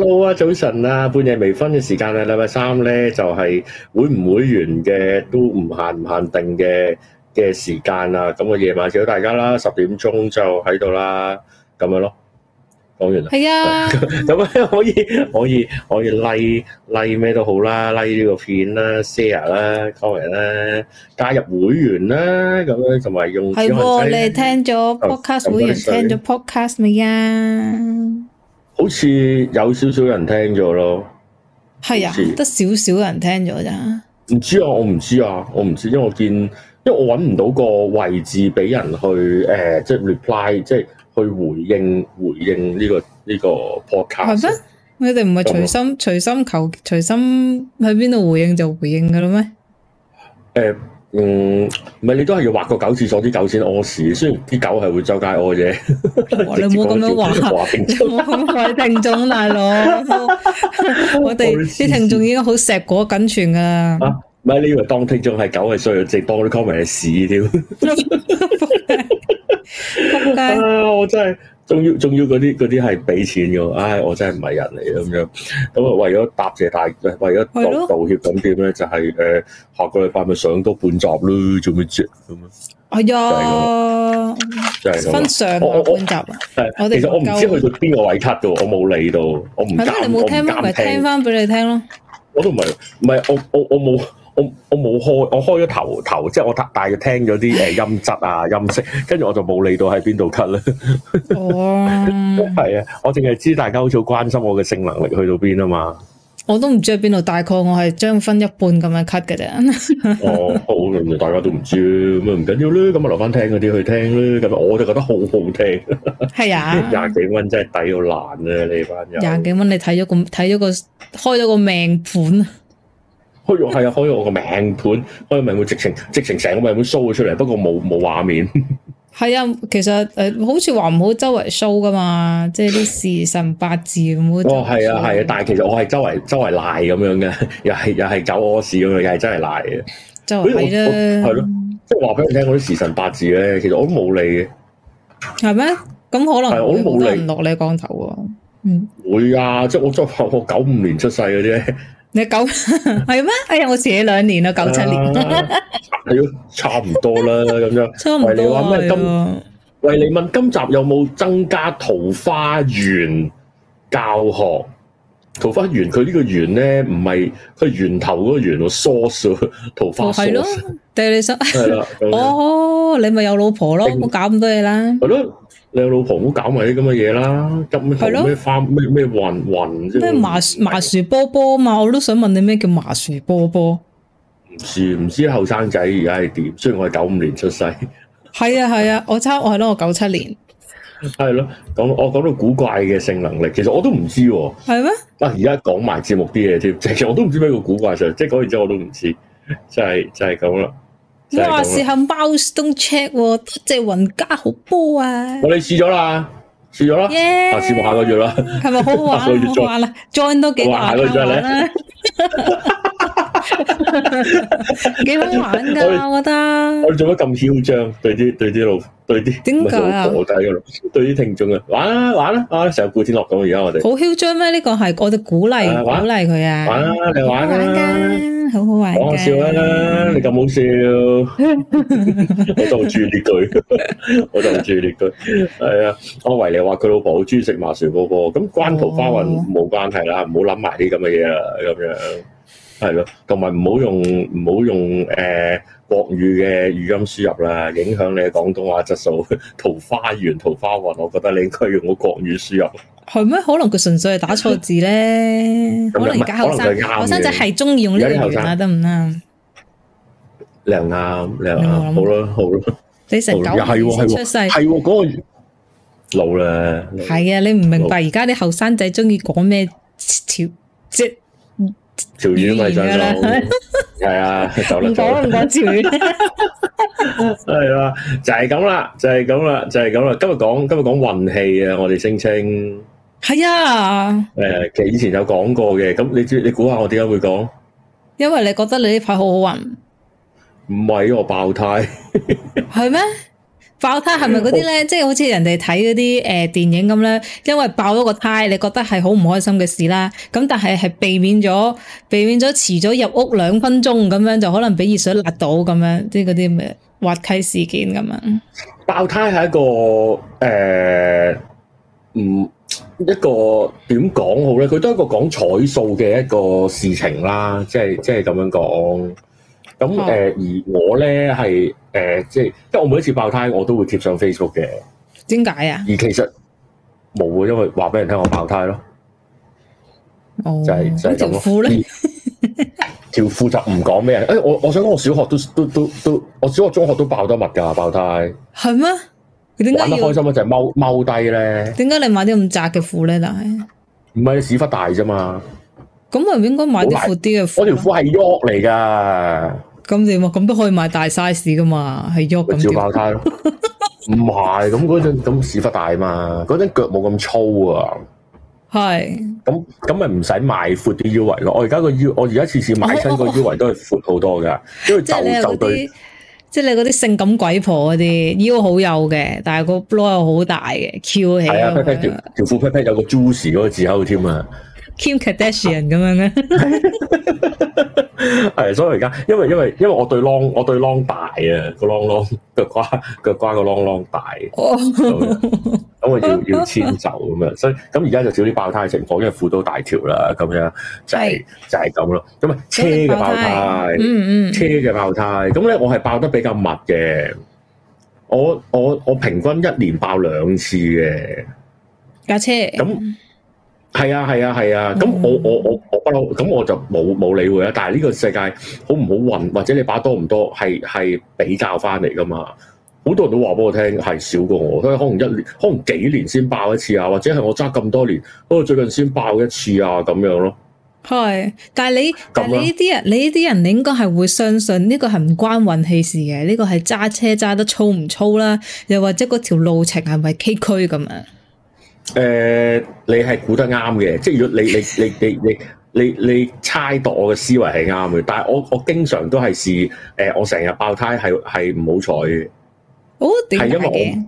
hello 啊，早晨啊，半夜微醺嘅時間啊，禮拜三咧就係會唔會員嘅都唔限唔限定嘅嘅時間啦，咁我夜晚叫大家啦，十點鐘就喺度啦，咁樣咯，講完啦，係啊，咁樣 可以可以可以 l i e l e、like、咩都好啦 l e、like、呢個片啦，share 啦，comment 啦，加入會員啦，咁樣同埋用係、啊、你哋聽咗 podcast、哦、會員聽咗 podcast 未啊？好似有少少人聽咗咯，係啊，得像少少人聽咗咋？唔知啊，我唔知啊，我唔知，因為我見，因為我搵唔到個位置俾人去誒，即、呃、係、就是、reply，即係去回應回應呢、這個呢、這個 podcast。係咩？你哋唔係隨心隨心求隨心去邊度回應就回應㗎喇咩？誒、呃。嗯，唔係你都係要畫個狗廁所，啲狗先屙屎，雖然啲狗係會周街屙啫，你唔好咁樣話，唔好咁話聽眾大佬，我哋啲聽眾已經好碩果僅存噶。啊，唔係你以為當聽眾係狗係衰，淨當啲 comment 係屎添。仆街，仆街，我真係。仲要仲要嗰啲啲係俾錢嘅，唉！我真係唔係人嚟咁樣，咁啊為咗答謝大，為咗道道歉咁點咧，就係誒下個禮拜咪上多半集咧，做咩啫？咁啊係呀，就係分上半集啊！我哋我我其實我唔知去到邊個位卡到我冇理到，我唔係咩，你冇聽咩，咪聽翻俾你聽咯。我都唔係，唔係我我我冇。我我冇開，我開咗頭頭，即係我大約聽咗啲誒音質啊音色，跟住我就冇理到喺邊度 cut 啦。哦，係啊，我淨係知大家好似關心我嘅性能力去到邊啊嘛。我都唔知喺邊度，大概我係將分一半咁樣 cut 嘅啫。哦 ，oh, 好，大家都唔知，咁唔緊要啦。咁啊留翻聽嗰啲去聽啦。咁我就覺得好好聽，係 啊，廿幾蚊真係抵到爛咧，你班人廿幾蚊你睇咗個睇咗個開咗個命盤。可以係啊，開咗我個命盤，開個命盤直情直情成個命盤 show 咗出嚟，不過冇冇畫面。係啊，其實誒，好似話唔好周圍 show 噶嘛，即係啲時辰八字咁。哦，係啊，係啊，但係其實我係周圍周圍賴咁樣嘅，又係又係走我事咁樣，又係真係賴嘅。就係啦，係咯，即係話俾你聽，我啲時辰八字咧，其實我都冇理嘅。係咩？咁可能係我都冇理落你光頭。嗯，會啊，即係我即係我九五年出世嘅啫。你九係咩？哎呀，我寫兩年啦，九七年，係咯，差唔多啦咁樣。差唔多啊！喂，你話咩今？喂，你問今集有冇增加桃花源教學？桃花源佢呢個源咧，唔係佢源頭嗰個源喎，疏水桃花。係咯，對你心係啦。哦，你咪有老婆咯，冇搞咁多嘢啦。你的老婆好搞埋啲咁嘅嘢啦，執咯，咩花咩咩云云，咩麻麻薯波波嘛，我都想問你咩叫麻薯波波？唔知唔知，後生仔而家係點？雖然我係九五年出世，係啊，係啊，我差我係咯，我九七年。係咯，講我講到古怪嘅性能力，其實我都唔知喎。係咩嗎？啊，而家講埋節目啲嘢添，其實我都唔知咩叫古怪，其實即係講完之後我都唔知，就係就係咁啦。哇，話試下 mouse don't check 喎，只雲加好波啊！我哋試咗啦，試咗啦，yeah, 啊、試下個月啦，係咪好玩？Join 下個月再玩啦，join 都幾好玩啦！ 幾好玩噶，我覺得。我哋做乜咁囂張？對啲對啲老對啲點解啊？對啲聽眾嘅玩啦玩啦，我成日古天樂咁。而家我哋好囂張咩？呢個係我哋鼓勵鼓勵佢啊！玩啦，你玩啦，好好玩。講笑啦，你咁好笑，我都好中意呢句，我都好中意呢句。係啊，阿維尼話佢老婆好中意食麻薯波波，咁關桃花運冇關係啦，唔好諗埋啲咁嘅嘢啦，咁樣。係咯，同埋唔好用唔好用誒國語嘅語音輸入啦，影響你嘅廣東話質素。桃花源桃花運，我覺得你應該用個國語輸入。係咩？可能佢純粹係打錯字咧。可能而家後生後生仔係中意用呢啲語言得唔得啊。你又啱，你又啱。好咯，好咯。你成九歲出世，係喎嗰個老啦。係啊，你唔明白而家啲後生仔中意講咩調即？條魚咪就走，係啊，走得走。唔講唔講條魚，係啦，就係咁啦，就係咁啦，就係咁啦。今日講今日講運氣啊，我哋聲稱係啊。誒，其實以前有講過嘅，咁你你估下我點解會講？因為你覺得你呢排好好運，唔係，因為我爆胎。係咩？爆胎係咪嗰啲咧？即係好似人哋睇嗰啲誒電影咁咧，因為爆咗個胎，你覺得係好唔開心嘅事啦。咁但係係避免咗，避免咗遲咗入屋兩分鐘咁樣，就可能俾熱水辣到咁樣，即係嗰啲咩滑稽事件咁樣。爆胎係一個誒，唔一個點講好咧？佢都係一個講彩數嘅一個事情啦，即係即係咁樣講。咁誒、呃，而我咧係誒，即係，我每一次爆胎，我都會貼上 Facebook 嘅。點解啊？而其實冇啊，會因為話俾人聽我爆胎咯。哦，就係、係、就係咁咯。條褲咧，條褲就唔講咩誒，我我，我想講，我小學都都都都，我小學中學都爆得密噶，爆胎。係咩？佢點解玩得開心咧？就係踎踎低咧。點解你買啲咁窄嘅褲咧？但係唔係屎忽大啫嘛？咁唔應該買啲來闊啲嘅褲。我條褲係喐嚟噶。咁點啊？咁都可以買大 size 噶嘛？係喐咁，爆胎咯！唔係咁嗰陣咁屎忽大嘛？嗰陣腳冇咁粗啊！係咁咁咪唔使買闊啲腰圍咯！我而家個腰，我而家次次買親個腰圍都係闊好多噶，哦、因為就走對。即係你嗰啲性感鬼婆嗰啲腰好幼嘅，但係個 blow 又好大嘅翹起。係啊，pat pat 條褲 pat pat 有個 juicy 嗰個字口添啊！屁屁 Kim Kardashian 咁樣咧、啊， 係所以而家，因為因為因為我對 long 我對 long 大啊個 long long 個瓜個瓜個 long long 大，咁我要要遷走咁樣，所以咁而家就少啲爆胎情況，因為富都大橋啦咁樣就係、是、是就係咁咯。咁啊車嘅爆、嗯嗯、爆胎，嗯嗯，車嘅爆胎，咁咧我係爆得比較密嘅，我我我平均一年爆兩次嘅架車咁。係啊係啊係啊！咁、啊啊啊、我我我我不嬲，咁我就冇冇理會啦。但係呢個世界好唔好運，或者你把多唔多，係係比較翻嚟噶嘛？好多人都話俾我聽，係少過我，所以可能一年，可能幾年先爆一次啊，或者係我揸咁多年，不過最近先爆一次啊，咁樣咯。係，但係你但你呢啲人，你呢啲人，你應該係會相信呢個係唔關運氣事嘅，呢個係揸車揸得粗唔粗啦，又或者嗰條路程係咪崎嶇咁啊？誒、呃，你係估得啱嘅，即係如果你你你你你你你猜度我嘅思維係啱嘅，但係我我經常都係試誒，我成日爆胎係係唔好彩嘅。哦，係因為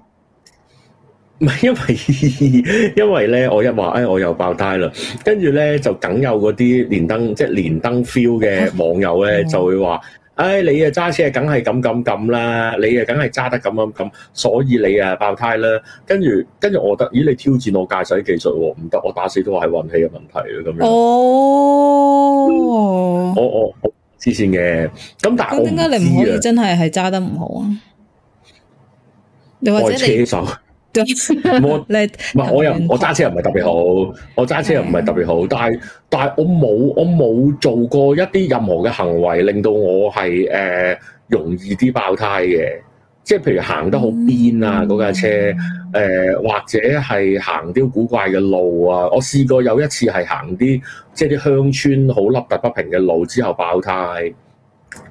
我唔唔係因為因為咧，我一話誒、哎、我又爆胎啦，跟住咧就梗有嗰啲連登，即係連登 feel 嘅網友咧就會話。唉、哎，你啊揸車梗係咁咁咁啦，你啊梗係揸得咁咁咁，所以你啊爆胎啦。跟住跟住我覺得，咦你挑戰我駕駛技術、啊，唔得，我打死都係運氣嘅問題啦。咁樣哦，我我我,我黐線嘅。咁但係我點解你唔可以真係係揸得唔好啊？車手或者你？ 嗯、我唔係 我又我揸車又唔係特別好，我揸車又唔係特別好，Yeah. 但係但係我冇我冇做過一啲任何嘅行為令到我係誒、呃、容易啲爆胎嘅，即係譬如行得好邊啊嗰、mm hmm. 架車誒、呃、或者係行啲古怪嘅路啊，我試過有一次係行啲即係啲鄉村好凹凸不平嘅路之後爆胎，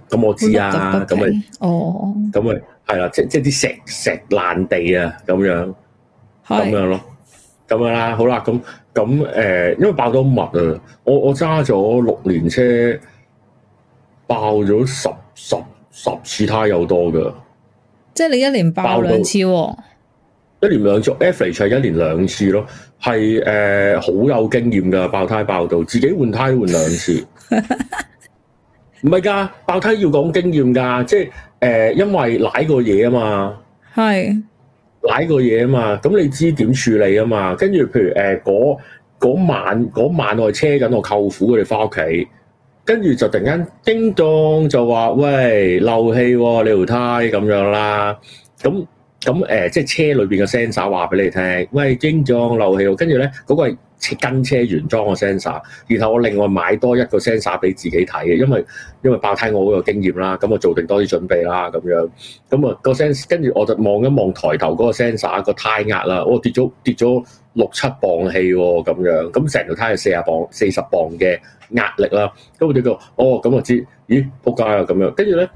咁我知啊，咁咪哦，咁咪。係啦，即即係啲石石爛地啊，咁樣，咁是樣咯，咁樣啦，好啦，咁咁誒，因為爆咗密啊，我我揸咗六年車，爆咗十十十次胎有多噶，即係你一年爆兩次、哦爆，一年兩次 average 係一年兩次咯，係誒好有經驗噶，爆胎爆到自己換胎換兩次，唔係噶，爆胎要講經驗噶，即係。誒，因為瀨過嘢啊嘛，係瀨過嘢啊嘛，咁你知點處理啊嘛？跟住，譬如誒，嗰嗰晚嗰晚我係車緊我舅父佢哋翻屋企，跟住就突然間叮當就話喂，漏氣，你條胎咁樣啦，咁咁誒，即係車裏邊嘅 sensor 話俾你聽，喂，叮當漏氣，跟住咧嗰個係。跟車原裝個 sensor，然後我另外買多一個 sensor 俾自己睇嘅，因為因為爆胎我嗰有經驗啦，咁啊做定多啲準備啦，咁樣，咁啊個 sensor 跟住我就望一望抬頭嗰個 sensor 個胎壓啦，我、哦、跌咗跌咗六七磅氣喎、喔，咁樣，咁成條胎係四啊磅四十磅嘅壓力啦，咁我哋個，哦咁我知，咦，仆街啊咁樣，跟住咧。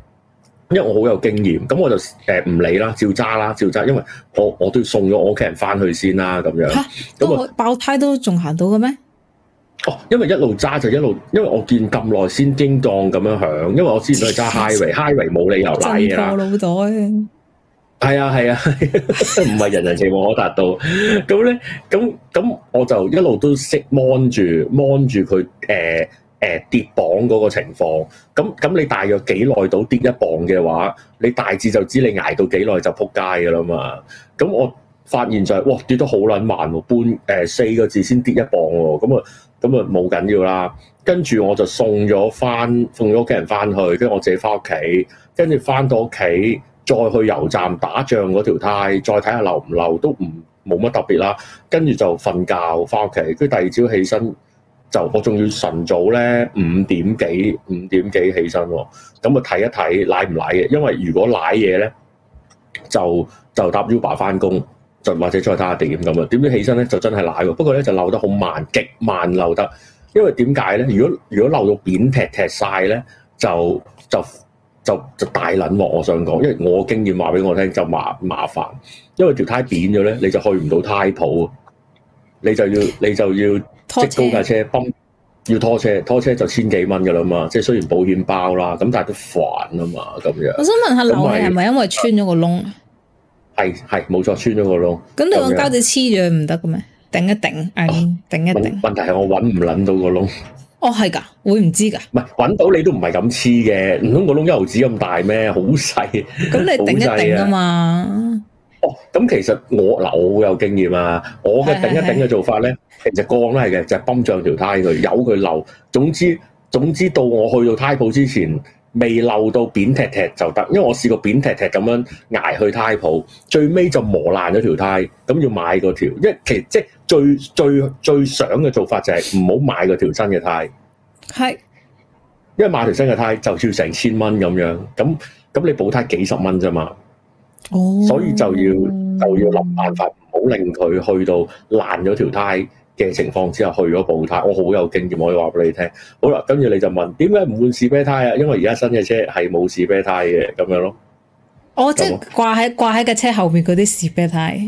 因為我好有經驗，咁我就誒唔、呃、理啦，照揸啦，照揸，因為我我都要送咗我屋企人翻去先啦，咁樣。咁、啊、我爆胎都仲行到嘅咩？哦，因為一路揸就一路，因為我見咁耐先叮當咁樣響，因為我之前都係揸 highway，highway 冇理由拉嘢啦。震過老袋。係啊係啊，唔係、啊、 人人情望可達到。咁咧， 咁咁我就一路都識望住望住佢誒。誒、呃、跌磅嗰個情況，咁咁你大約幾耐到跌一磅嘅話，你大致就知你挨到幾耐就撲街噶啦嘛。咁我發現就係、是，哇跌得好撚慢喎、啊，半誒、呃、四個字先跌一磅喎、啊。咁啊咁啊冇緊要啦。跟住我就送咗翻送咗屋企人翻去，跟住我自己翻屋企，跟住翻到屋企再去油站打仗嗰條胎，再睇下漏唔漏，都唔冇乜特別啦。跟住就瞓覺翻屋企，跟住第二朝起身。就我仲要晨早咧五點幾五點幾起身、哦，咁啊睇一睇瀨唔瀨嘅？因為如果瀨嘢咧，就就搭 Uber 翻工，就，就或者出去睇下點咁啊。點知起身咧就真係瀨喎，不過咧就漏得好慢，極慢漏得。因為點解咧？如果如果漏到扁踢踢晒咧，就就就就大捻喎。我想講，因為我經驗話俾我聽，就麻麻煩，因為條胎扁咗咧，你就去唔到胎鋪，你就要你就要。拖即高架車泵要拖車，拖車就千幾蚊噶啦嘛。即係雖然保險包啦，咁但係都煩啊嘛。咁樣。我想問一下，漏係咪因為穿咗個窿？係，係冇錯，穿咗個窿。咁樣你用膠紙黐住唔得嘅咩？頂一頂，頂一頂，啊。問題係我搵唔捻到個窿。哦，係噶，會唔知噶？唔係搵到你都唔係咁黐嘅，唔通個窿一毫紙咁大咩？好細。咁你頂一頂啊嘛。哦、啊，咁其實我嗱，我好有經驗啊。我嘅頂一頂嘅做法咧。其實過往都係嘅，就係、係、泵脹條胎佢，由佢漏。總之總之到我去到胎鋪之前，未漏到扁踢踢就得。因為我試過扁踢踢咁樣挨去胎鋪，最尾就磨爛咗條胎，咁要買嗰條。因為其實即係最最最想嘅做法就係唔好買嗰條新嘅胎。係是，因為買條新嘅胎，就要成千蚊咁樣，咁咁你補胎幾十蚊啫嘛。哦，所以就要就要諗辦法，唔好令佢去到爛咗條胎。嘅情況之下去咗補胎，我好有經驗，可以話俾你聽。好啦，跟住你就問點解唔換士啤胎啊？因為而家新嘅車係冇士啤胎嘅咁樣咯。哦，即係掛喺掛喺架車後面嗰啲士啤胎。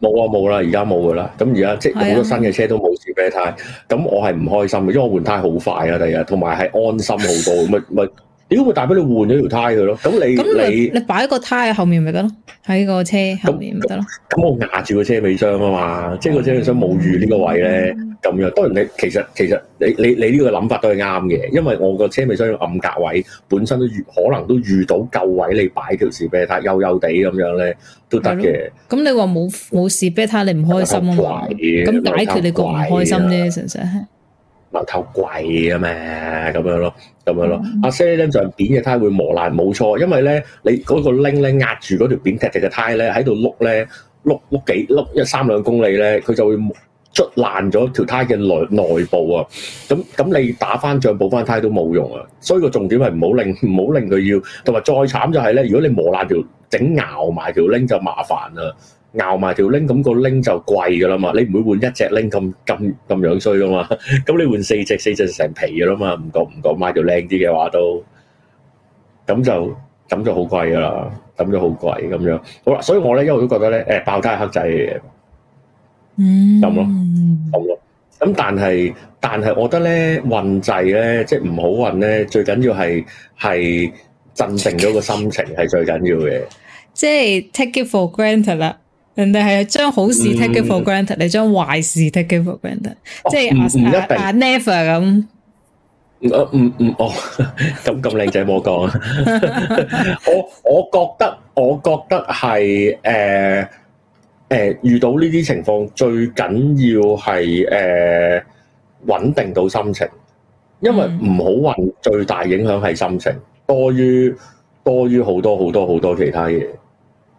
冇啊，冇啦，而家冇噶啦。咁而家即係好多新嘅車都冇士啤胎。咁的我係唔開心嘅，因為我換胎好快啊，第日同埋係安心好多。咁咪 屌！我大俾你換咗條胎佢咯，咁你你你擺個胎喺後面咪得咯？喺個車後面咪得咯？咁我壓住個車尾箱啊嘛，即係個車尾箱冇預呢個位咧，咁、嗯、樣。當然你其實其實你你你呢個諗法都係啱嘅，因為我個車尾箱暗格位本身都遇可能都遇到夠位你擺士，幼幼你擺條士啤胎悠悠哋咁樣咧都得嘅。咁你話冇冇士啤胎你唔開心啊嘛？咁、啊、解決你個唔開心啫？純粹、啊。流透貴啊咩咁樣咯，咁樣咯，mm hmm. 阿 Sir 咧就扁嘅胎會磨爛，冇錯，因為咧你嗰個釘咧壓住嗰條扁嘅隻嘅胎咧喺度碌咧碌碌幾碌一三兩公里咧，佢就會捽爛咗條胎嘅內，內部啊，咁咁你打翻帳補翻胎都冇用啊，所以個重點係唔好令唔好令佢要，同埋再慘就係咧，如果你磨爛條整咬埋條釘就麻煩啦、啊。咬埋條鈴，咁個鈴就貴噶啦嘛！你唔會換一隻鈴咁咁咁樣衰噶嘛？咁你換四隻，四隻成皮噶啦嘛！唔講唔講，買條靚啲嘅話都咁就抌咗好貴噶啦，抌咗好貴咁樣。好啦，所以我咧一路都覺得咧，誒爆胎係黑仔嘅嘢，咁咯，咁咯。咁但係但係，我覺得咧運滯咧，即係唔好運咧，最緊要係係鎮定咗個心情係最緊要嘅，即係 take it for granted 啦。人哋係將好事 take for granted，你將壞事 take for granted，即係唔一定 never 咁。唔唔唔，哦，咁咁靚仔，冇講。我我覺得，我覺得係誒誒，遇到呢啲情況，最緊要係誒穩定到心情，因為唔好運最大影響係心情，多於多於好多好多好多其他嘢。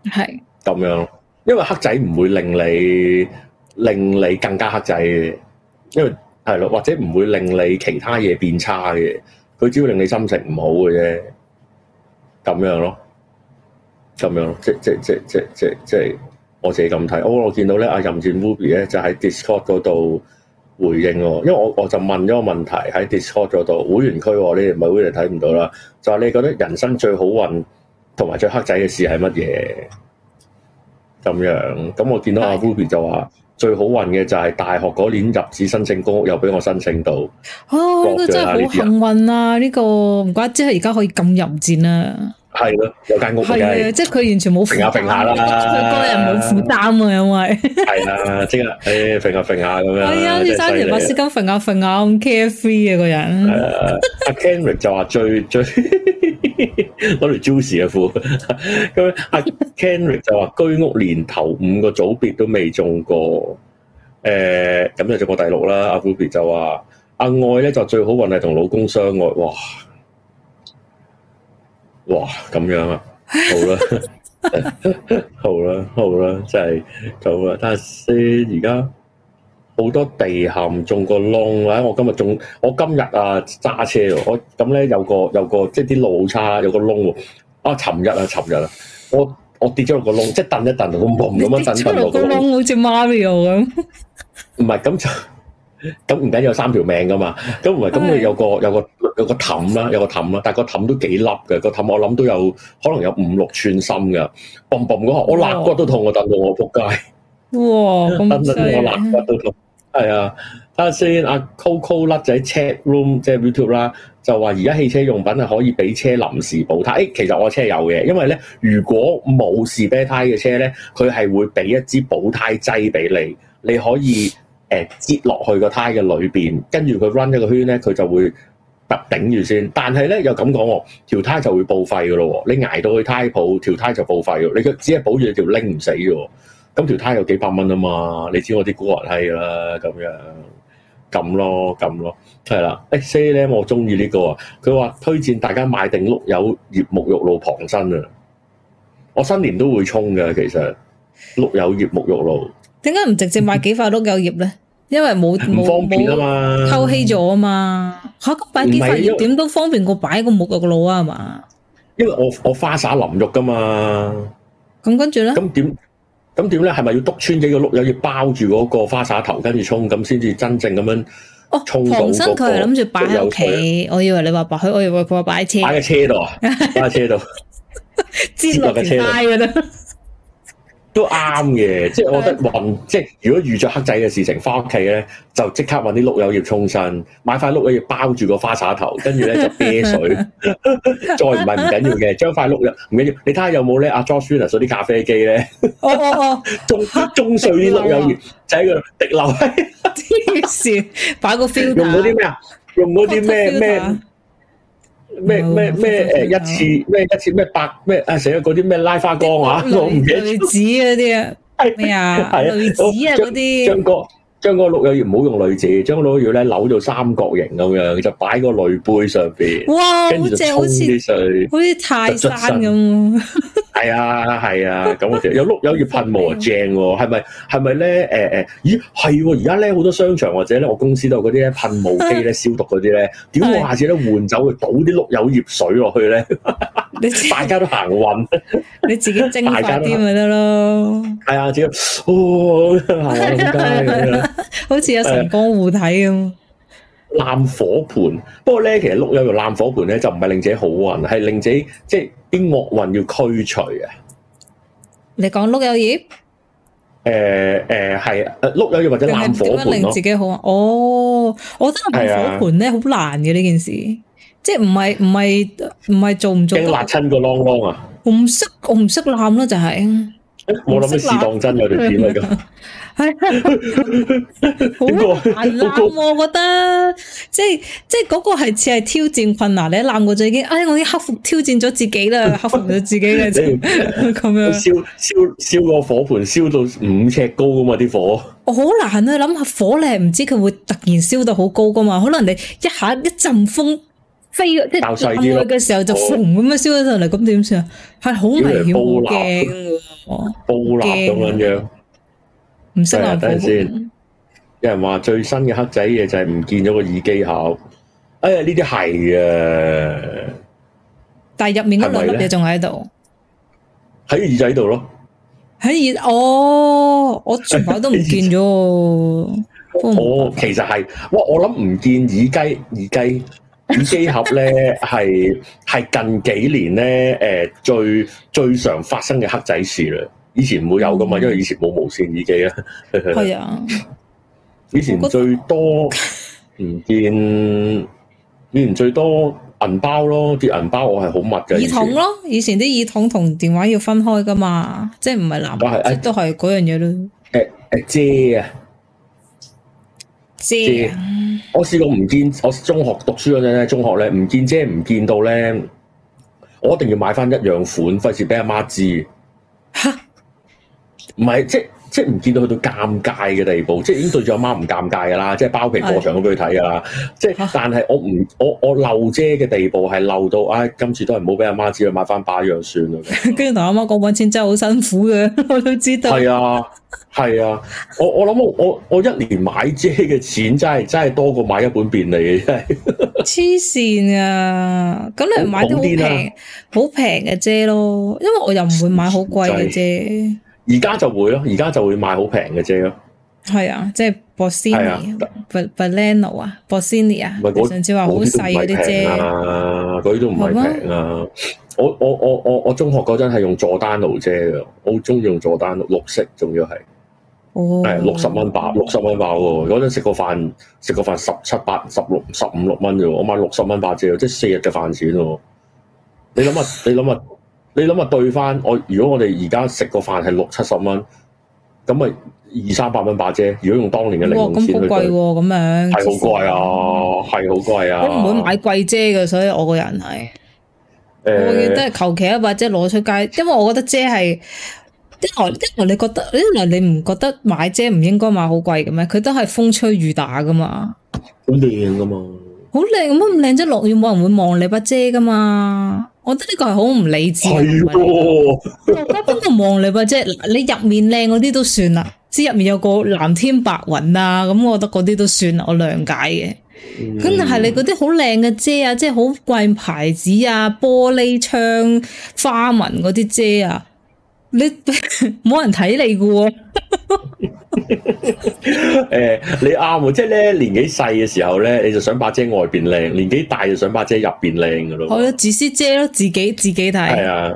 係咁樣。，因為黑仔唔會令你令你更加黑仔嘅，因為係咯，或者唔會令你其他嘢變差嘅，佢只會令你心情唔好嘅啫。咁樣咯，咁樣咯，即即即即即即我自己咁睇。我、哦、我見到咧，阿任劍 Ruby 咧就喺 Discord 嗰度回應，因為我我就問咗個問題喺 Discord 嗰度會員區、哦、你哋唔係會員睇唔到啦，就話你覺得人生最好運同埋最黑仔嘅事係乜嘢？咁樣，咁我見到阿 Ruby 就話，是的 最好運嘅就係大學嗰年入紙申請公屋，又俾我申請到。哦，呢個真係好幸運啦、啊！呢、這個唔怪之係而家可以咁入戰啦。係咯，有間屋。係啊，即係佢完全冇負下，啦。佢個人冇負擔啊，因為係啊，即啊，誒，揈下揈下咁樣。係啊，好似三條白絲巾，揈下揈下咁 carefree 啊，個人。阿 Kenrick 就話最最。最 攞條 juice 嘅褲，咁樣阿 Kenrick 就話居屋連頭五個組別都未中過，誒、欸，咁就中過第六啦。阿 Ruby 就話阿、啊、愛咧就最好運係同老公相愛，哇哇咁樣啊，好啦， 好啦、就是，好啦，真係夠啦，但係先而家。好多地陷，中個窿。咧，我今日中我今日啊，揸車我咁咧，有個有個即係啲路差，有個窿。啊，尋日啊，尋日啊，我我跌咗落個窿，即係蹬一蹬，咁嘣咁樣蹬落個窿，好似 Mario 咁。唔係咁就咁唔緊要，有三條命噶嘛。咁唔係咁，你有個、啊、有個有個氹啦，有個氹啦，但係個氹都幾粒嘅，這個氹，我諗都有可能有五六寸深噶。嘣嘣嗰下，我肋骨都痛，我蹬到我仆街。哇！咁犀利。係啊，睇下，哎、先。阿 Coco 粒仔 chat room 即係 YouTube 啦，就話而家汽車用品係可以俾車臨時補胎。誒、欸，其實我車有嘅，因為咧，如果冇士啤胎嘅車咧，佢係會俾一支補胎劑俾你，你可以誒、呃、擠落去個胎嘅裏邊，跟住佢 run 一個圈咧，佢就會凸頂住先。但係咧又咁講喎，條胎就會報廢㗎咯。你捱到去胎鋪，條胎就報廢咯。你佢只係保住條拎唔死嘅。咁條梯有幾百蚊啊嘛！你知我啲高壓係啦，咁樣咁咯咁咯，係啦。誒 say 咧，我中意呢個啊，佢話推薦大家買定碌柚葉沐浴露旁身啊！我新年都會沖噶，其實碌柚葉沐浴露。點解唔直接買幾塊碌柚葉咧？ 因為冇唔方便啊嘛，透氣咗啊嘛嚇！擺、啊、幾塊葉點都方便過擺個沐浴露啊嘛。因為我我花灑淋浴噶嘛。咁跟住咧？咁點？咁點咧？係咪要篤穿幾個碌？又要包住嗰個花灑頭，跟住沖咁，先至真正咁樣沖到哦。本身佢係諗住擺喺屋企，我以為你話擺去，我以為佢話擺喺車。擺喺車度啊！擺喺車度，黐落個車嗰度。 都啱嘅， 即係我覺得運，即係如果遇着黑仔嘅事情，翻屋企咧就即刻揾啲碌柚葉沖身，買一塊碌柚葉包住個花灑頭，跟住咧就啤水， 再唔係唔緊要嘅，將塊碌柚唔緊要，你睇下有冇咧阿 Joshua 所啲咖啡機咧、oh, oh, oh, 中中碎啲碌柚葉、 啊、就喺度滴流、啊，喺擺個 filter，用到啲咩啊，用到啲咩咩。咩咩咩誒！一次咩一次咩百咩啊！成日嗰啲咩拉花缸啊，我唔記得。子嗰啲咩啊？係啊，子啊嗰啲。將個綠葉唔好用濾字，將個綠葉咧扭做三角形咁哇樣，就擺個濾杯上邊。哇，好正，好似泰山咁。係啊，係啊，咁我哋有綠有葉噴霧啊，正喎，係咪？係咪咧？誒誒，咦，係喎，啊，而家咧好多商場或者咧我公司都嗰啲咧噴霧機咧消毒嗰啲咧，點下次咧換走去倒啲綠油葉水落去咧？ 你大家都行運，你自己精快啲咪得咯。係 啊，只要、哦、 好似有神光護體咁。爛火盆，不過咧，其實碌柚條爛火盆咧，就唔係令自己好運，係令自己即係啲惡運要驅除、呃呃、啊。你講碌柚葉？誒誒，係誒碌柚葉或者爛火、啊、你令自己好運哦，我真係火盆咧，好、啊、難嘅呢件事。即係唔係唔係唔係做唔做驚辣親個啷啷啊？我唔識我唔識喊啦，就係、是、我諗咗事當真有條片嚟噶。係好難喊、啊， 我覺得即係即係嗰個係似係挑戰困難，你一喊過就已經哎，我已經克服挑戰咗自己啦，克服咗自己啦。咁 樣燒燒燒個火盆燒到五尺高噶嘛，啲火 我好難去、啊、諗下火咧，唔知佢會突然燒到好高噶嘛？可能你一下一陣風。飛，即係入去嘅時候就紅咁樣燒咗上嚟，咁點算啊？係好危險，好驚。爆裂咁樣樣，唔識啊！等陣先，有人話最新嘅黑仔嘢就係唔見咗個耳機口。哎呀，呢啲係啊，但係入面嗰兩粒嘢仲喺度，喺耳仔度咯。喺耳哦，我全部都唔見咗。我其實係，哇！我諗唔見耳雞，耳雞。耳機 盒咧係係近幾年咧誒、呃、最最常發生嘅黑仔事啦，以前唔會有噶嘛，因為以前冇無線耳機 啊。係啊，以前最多唔見，以前最多銀包咯。啲銀包我係好密嘅。耳筒咯，以前啲耳筒同電話要分開噶嘛，即係唔係難。啊、都係嗰樣嘢咯。誒誒、哎、啊、哎。哎知，是我試過唔見，我中學讀書嗰陣咧，中學咧唔見，即係唔見到咧，我一定要買翻一樣款，費事俾阿媽知。嚇哈，唔係即。即係唔見到去到尷尬嘅地步，即係已經對住阿媽唔尷尬噶啦， 即係包皮過場咁俾佢睇噶啦。的即係，但係我唔，我我漏遮嘅地步係漏到，唉，今次都係唔好俾阿媽知，買翻把樣算啦。跟住同阿媽講揾錢真係好辛苦嘅，我都知道。係 啊，係啊，我我諗我我,我一年買遮嘅錢真係真係多過買一本便利嘅，真係。黐線啊！咁你買啲好平好平嘅遮咯，因為我又唔會買好貴嘅遮。而家就會咯，啊，而家就會買好平嘅遮咯。係啊，即係波斯尼、巴巴蘭啊、波斯尼啊，甚至話好細嘅啲遮。嗰啲那都唔係平啊。我我我我我中學嗰陣係用佐丹奴遮嘅，我好鍾意用佐丹奴綠色，仲要係，係六十蚊包，六十蚊包喎。嗰陣食個飯，食個飯十七八、十六十五六蚊啫喎。我買六十蚊包遮，即係四日嘅飯錢喎。你諗下，你諗下。 你諗下對翻，我如果我哋而家食個飯係六七十蚊，咁咪二三百蚊把遮？如果用當年嘅零用錢，哇，咁貴喎，咁樣係好貴啊，係好貴啊。我唔、啊、會買貴遮嘅，所以我個人係，欸、我都係求其一把遮攞出街，因為我覺得遮係，因為因為你覺得，因為你唔覺得買遮唔應該買好貴嘅咩？佢都係風吹雨打噶嘛，咁自然噶嘛。好靚咁咁靚啫落雨冇人會望你把遮噶嘛？我覺得呢個係好唔理智。係大家邊個望你把遮？你入面靚嗰啲都算啦，即入面有個藍天白雲啊，咁我覺得嗰啲都算啦，我諒解嘅。咁、嗯、但係你嗰啲好靚嘅遮啊，即係好貴牌子啊，玻璃窗花紋嗰啲遮啊。 沒人看你冇人睇你嘅喎，誒，你啱啊！即係咧年紀細嘅時候咧，你就想把遮外邊靚；年紀大就想把遮入邊靚嘅咯。我自私遮咯，自己自己睇。係啊，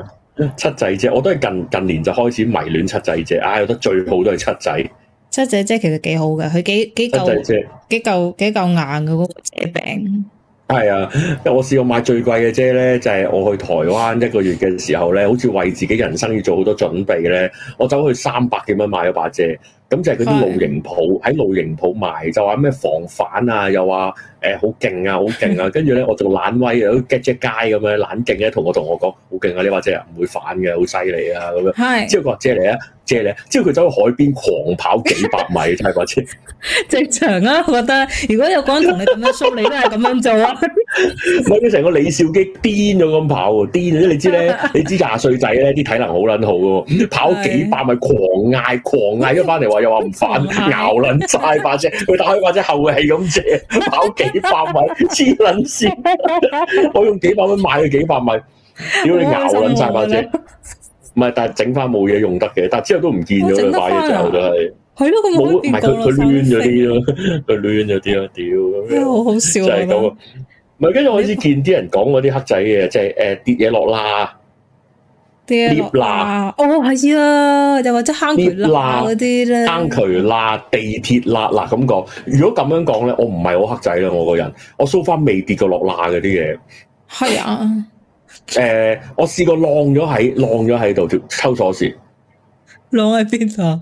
七仔遮，我都係近近年就開始迷戀七仔遮啊！我覺得最好都係七仔。七仔遮其實幾好嘅，佢幾幾幾夠幾夠硬嘅嗰、那個遮柄。係啊，我試過買最貴嘅遮呢，就係我去台灣一個月嘅時候呢，好似為自己人生要做好多準備呢，我走去三百幾蚊買咗一把遮。咁就係嗰啲露營鋪喺是露營鋪賣，就話咩防反啊，又話誒好勁啊，好勁啊！跟住咧，我仲懶威啊，夾只街咁樣懶勁咧，同我同我講好勁啊！你話啫唔會反嘅，好犀利啊咁樣。係是，之後佢話借你啊，借你啊！之後佢走去海邊狂跑幾百米， 真係白痴。 正常啊，我覺得如果有個人同你咁樣騷，你都係咁樣做啊！我見成個李少基癲咗咁跑喎，癲咗你知咧？你知廿歲仔咧啲體能好撚好嘅喎，跑幾百米是狂嗌，狂嗌咗翻嚟又話唔翻，咬卵晒把車，佢打開把車後氣咁借，跑幾百米，黐卵線。我用幾百蚊買佢幾百米，屌你咬卵晒把車，唔係， 但係整翻冇嘢用得嘅，但之後都唔見咗佢，擺嘢之後就係，係咯，冇，唔係佢佢攣咗啲咯，佢攣咗啲咯，屌咁。啊，好好笑就係咁，唔係，跟住我開始見啲人講嗰啲黑仔嘅，即係誒跌嘢落罅。跌罅，哦，係啊，又或者坑渠罅嗰啲咧，坑渠罅，地鐵罅嗱咁講。如果咁樣講咧，我唔係好黑仔啦，我個人。我 so far 未跌過落罅嗰啲嘢。係啊。誒 、呃，我試過晾咗喺晾咗喺度，抽鎖匙。晾喺邊度？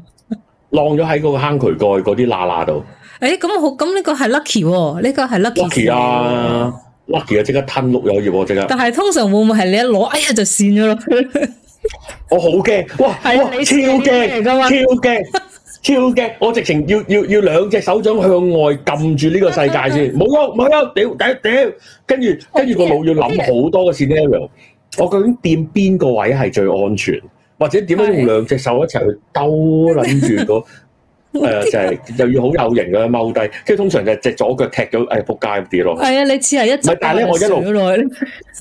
晾咗喺嗰個坑渠蓋嗰啲罅罅度。誒、欸，咁好，咁呢個係 lucky 喎，呢個係 lucky、啊。哇！佢又即刻吞碌有嘢喎，即刻。但係通常會唔會係你一攞哎呀就跣咗咯？ 我好驚，哇哇超驚噶嘛，超驚超驚！超 我直情要要要兩隻手掌向外撳住呢個世界先，冇喐， 冇喐，屌屌屌！跟住跟住個腦要諗好多個 scenario。 我究竟掂邊個位係最安全， 或者點樣用兩隻手一齊去兜捻住個？ 誒、 呃，就係、是、又要好有型嘅踎低，即係通常就隻左腳踢咗誒，仆街跌落去。係啊，你似係一唔係？但係咧，我一路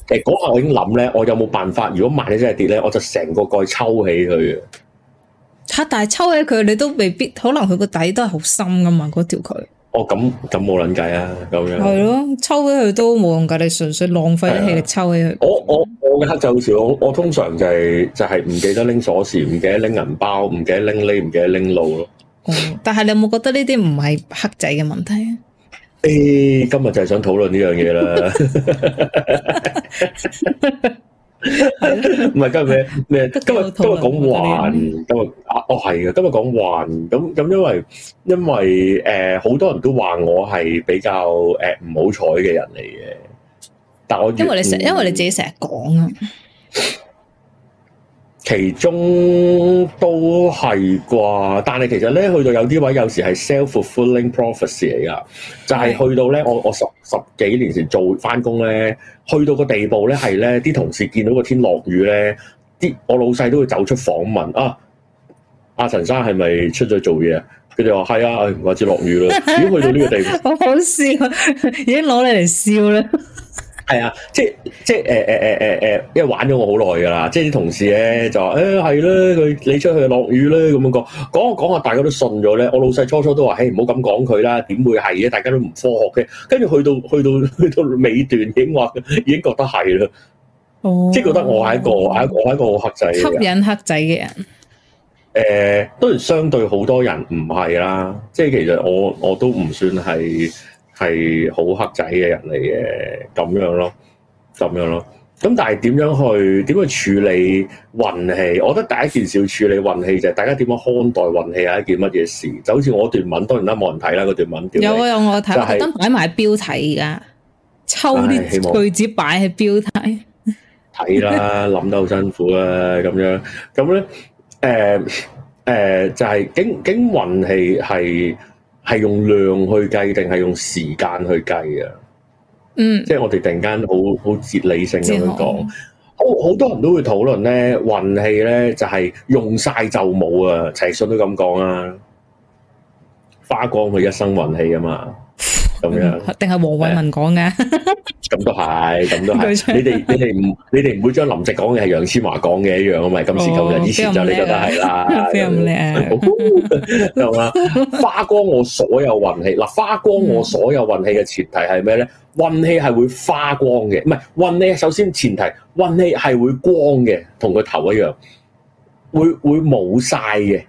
誒嗰下我已經諗咧，我有冇辦法？如果賣你真係跌咧，我就成個蓋抽起佢啊！吓，但係抽起佢，你都未必可能佢個底都係好深噶嘛？嗰條佢哦，咁咁冇捻計啊！咁樣係咯，抽起佢都冇用噶，你純粹浪費啲氣力抽起佢。我我我嘅黑就好少。我，我我我通常就係、是、就係、是、唔記得拎鎖匙，唔 記得拎銀包，唔記得拎呢，唔記得拎路咯。哦、但係你有冇覺得呢啲唔係黑仔嘅問題？誒、欸，今日就係想討論呢樣嘢啦。唔係今日咩咩？今日 今日講運，今日啊，哦，係嘅，今日講運。咁咁因為因為誒好、呃、多人都話我係比較誒唔好彩嘅人嚟嘅，但我因為你成，嗯、因為你自己成日講啊。其中都係啩，但係其實咧去到有啲位，有時係 self-fulfilling prophecy 嚟噶，就係、是、去到咧，我我十十幾年前做翻工咧，去到個地步咧，係咧啲同事見到個天落雨咧，啲我老細都會走出房問啊，阿陳生係咪出咗做嘢？佢哋話係啊，唔怪之落雨啦。如果去到呢個地步，好 好笑、啊，已經攞你嚟笑呢。 係啊，即係即係誒誒誒誒誒，因為玩咗我好耐噶啦，即係啲同事咧就話誒係啦，佢、欸、你出去落雨啦。這」咁樣講，講下講下大家都信咗咧。我老細初初都話誒唔好咁講佢啦，點會係咧？大家都唔科學嘅。跟住去到去到去到尾段已經話已經覺得係啦，oh. 即係覺得我係一個係一個係一個好黑仔，吸引黑仔嘅人。誒、欸，當然相對好多人唔係啦，即係其實我我都唔算係。係好黑仔嘅人嚟嘅，咁樣咯，咁樣咯。咁但係點樣去點樣處理運氣？我覺得第一件事要處理運氣就係大家點樣看待運氣係一件乜嘢事？就好似我段文當然都冇人睇啦，嗰段文叫有啊有我睇，就係，我特登擺埋標題而家，抽啲句子擺喺標題睇啦，諗得好辛苦啦，咁樣咁咧，誒、呃、誒，就係、是、經經運氣係。係用量去計定係用時間去計啊？嗯，即係我哋突然間好好哲理性咁去講，哦，好多人都會討論咧，運氣咧就係用晒就冇啊！齊信都咁講啊，花光佢一生運氣啊嘛～咁樣，定係黃偉文講嘅？咁都係，咁都係。你哋你哋唔你哋唔會將林夕講嘅係楊千嬅講嘅一樣啊嘛？今時今日，以前就你覺得係 啦。花光我所有運氣嗱，花光我所有運氣嘅前提係咩咧？運氣係會花光嘅，唔係運氣。首先前提，運氣係會光嘅，同個頭一樣，會會冇晒嘅。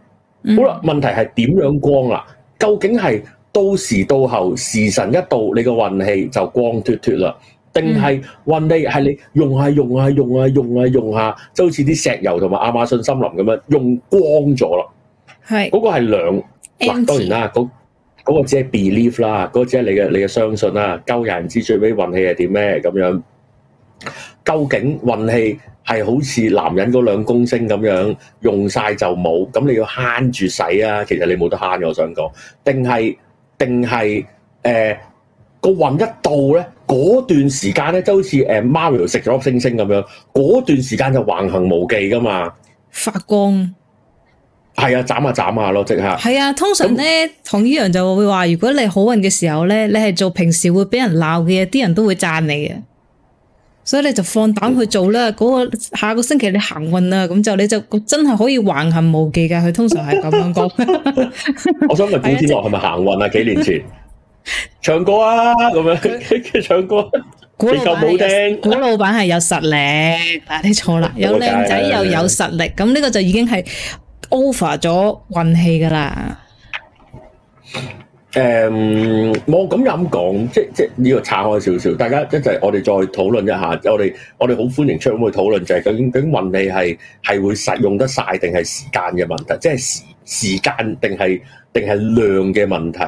好啦，問題係點樣光啦？究竟係？到時到候時辰一到，你個運氣就光脫脫啦。定係運氣係你用下、嗯、用下用下用下用下，就好似啲石油同埋亞馬遜森林咁樣用光咗啦。係嗰是個係量。雞當然啦，嗰、嗰個嗰個只係 belief 啦，嗰、嗰個、只係你嘅你嘅相信啦。人知最尾運氣係點咩？咁樣究竟運氣係好似男人嗰兩公升咁樣用晒就冇咁，你要慳住使啊。其實你冇得慳嘅，我想講，定係。定係誒個運一到咧，嗰段時間咧就好似誒 Mario 食咗粒星星咁樣，嗰段時間就橫行無忌噶嘛，發光係啊，斬下斬下咯，即刻係啊，通常咧唐依陽就會話，如果你好運嘅時候咧，你係做平時會俾人鬧嘅嘢，啲人都會讚你嘅。所以你就放膽去做啦，嗰個下個星期你行運啦，咁就你就真係可以橫行無忌噶佢通常係咁樣講。我想問古天樂係咪行運啊？幾年前唱歌啊，咁樣佢唱歌，你咁好聽，古老闆係有實力，嗱你錯啦，有靚仔又有實力，咁呢個就已經係 over 咗運氣噶啦。誒，um, 我咁又咁講，即即呢、這個拆開少少，大家一陣、就是、我哋再討論一下。我哋我哋好歡迎出嚟討論，就係、是、究，究竟運氣係係會實用得晒定係時間嘅問題，即係時時間定係定係量嘅問題。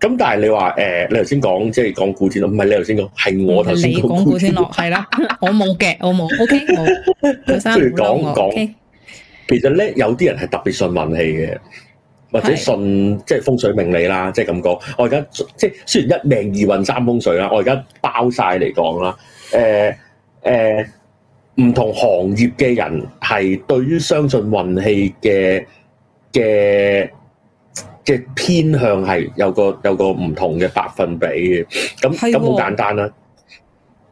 咁但係你話誒、欸，你頭先講即係講故事咯，唔係你頭先講係我頭先講故事落係啦，我冇嘅，我冇，OK，冇。跟住講講，Okay. 其實咧有啲人係特別信運氣嘅。或者信即係風水命理啦，即係咁講。我而家即係雖然一命二運三風水啦，我而家包晒嚟講啦。誒、呃、誒，唔同行業嘅人係對於相信運氣嘅嘅嘅偏向係有個有個唔同嘅百分比嘅。咁咁好簡單啦。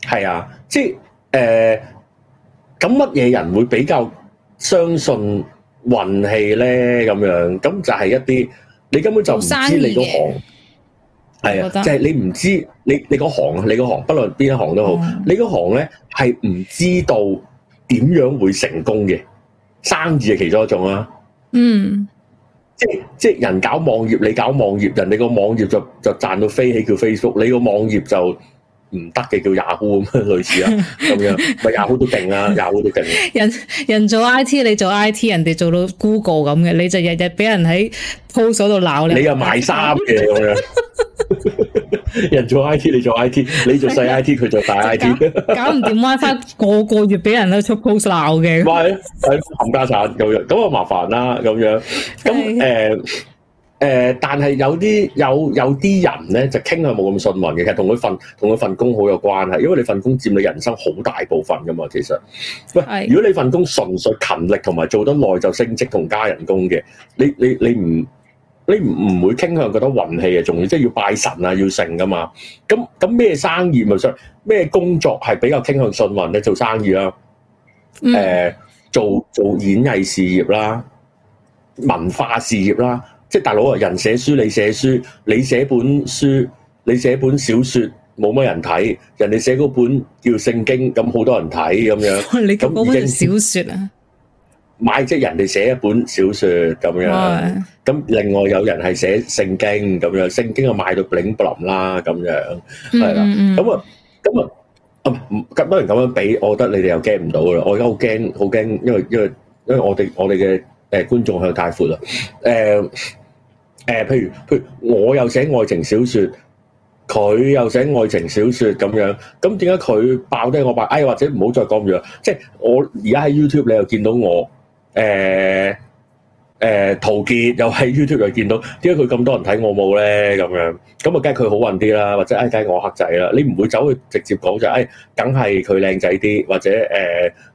係啊，即係誒，咁乜嘢人會比較相信？運氣咧咁樣，咁就係一啲你根本就唔知你嗰行係啊，即係覺你唔知你你嗰行，你嗰行不論邊一行都好，嗯、你嗰行咧係唔知道點樣會成功嘅，生意係其中一種啦、啊。嗯即，即係即係人搞網頁，你搞網頁，人哋個網頁就就賺到飛起叫 Facebook，你個網頁就，就唔得嘅叫 Yahoo 咁樣類似樣、 ah、啊。咁樣咪 Yahoo 都勁啦，Yahoo 都勁。人人做 I T，你做 I T，人哋做到 Google 咁嘅，你就日日俾人喺 post 度鬧你。你又賣衫嘅咁樣，人做 I T，你做 I T，你做細 I T，佢做大 I T，搞唔掂 WiFi，個個月俾人喺出 post 鬧嘅。喂， 係冚家鏟咁樣，咁啊麻煩啦咁樣。咁誒。的誒、呃，但係有啲有有啲人咧，就傾向冇咁信運嘅。其實同佢份同佢份工好有關係，因為你份工佔你人生好大部分噶嘛。其實，喂，如果你份工純粹勤力同埋做得耐就升職同加人工嘅，你你你唔你唔唔會傾向覺得運氣係重要，即係要拜神啊，要成噶嘛。咁咁咩生意咪想咩工作係比較傾向信運咧？做生意啦、啊，誒、嗯呃，做做演藝事業啦，文化事業啦。即係大佬啊！人寫書，你寫書，你寫本書，你寫本小說冇乜人睇，人哋寫嗰本叫聖經咁好多人睇咁樣。你嗰本小說啊？買即係人哋寫一本小說咁樣，咁另外有人係寫聖經咁樣，聖經啊賣到 bling bling 啦咁樣，係啦。咁啊，咁啊，咁多人咁樣俾，我覺得你哋又驚唔到啦。我而家好驚，好驚，因為因為因為我哋我哋嘅。誒、欸，觀眾向太闊啦，誒、欸、誒、欸，譬如譬如，我又寫愛情小說，佢又寫愛情小說咁樣，咁點解佢爆低我話？哎，或者唔好再講咁樣，即、就、係、是、我而家喺 YouTube，你又見到我，誒、欸、誒、欸，陶傑又喺 YouTube 又見到，點解佢咁多人睇我冇？咧？咁樣咁啊，梗係佢好運啲啦，或者哎，梗係我黑仔啦。你唔會走去直接講就，哎，梗係佢靚仔啲，或者誒，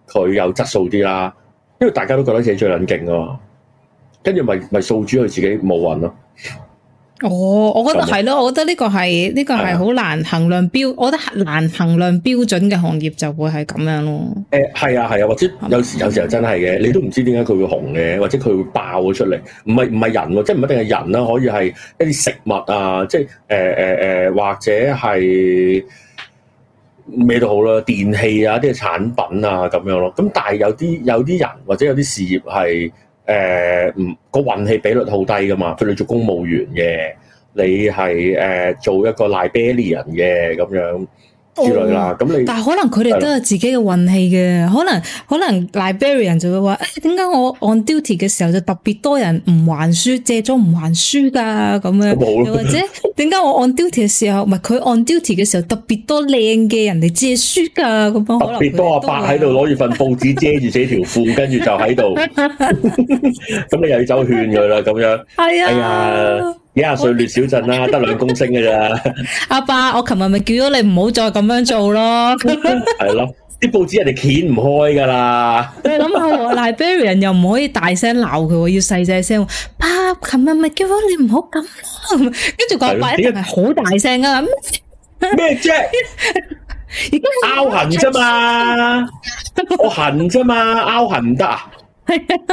佢、呃、有質素啲啦。因為大家都覺得自己最冷勁啊嘛，跟住咪咪掃住佢自己冇運咯。哦，我覺得係咯，我覺得呢個係呢個係好難衡量標，啊、我覺得難衡量標準嘅行業就會係咁樣咯。誒，係啊，係啊，啊，或者有時吧有時候真係嘅，你都唔知點解佢會紅嘅，或者佢會爆咗出嚟。唔係唔係人，即係唔一定係人啦，可以係一啲食物啊，即係誒誒誒，或者係。咩都好啦，電器啊，啲產品啊，咁樣咯。咁但係有啲有啲人或者有啲事業係誒，唔個運氣比率好低噶嘛。譬如你做公務員嘅，你係誒、呃、做一個 Librarian 嘅咁樣之類啦，咁你但係可能佢哋都有自己嘅運氣嘅，可能可能 Librarian 就會話，誒、哎，點解我 on duty 嘅時候就特別多人唔還書，借咗唔還書噶咁樣，又或者點解我 on duty 嘅時候，唔係佢 on duty 嘅時候特別多靚嘅人嚟借書噶咁樣，可能他們有特別多阿伯喺度攞住份報紙遮住住條褲，跟住 就喺度，咁 你又要走勸佢啦，咁樣，哎啊 呀。哎幾廿歲劣小鎮啦，得兩公升㗎咋？阿爸，我琴日咪叫咗你唔好再咁樣做咯。係咯，啲報紙人哋掀唔開噶啦。你諗下喎，我拉 Barry 人又唔可以大聲鬧佢，要細細聲。爸，琴日咪叫咗你唔好咁，跟住個爸一定係好大聲啊！咩啫？而家拗痕啫嘛，我痕啫嘛，拗痕唔得啊！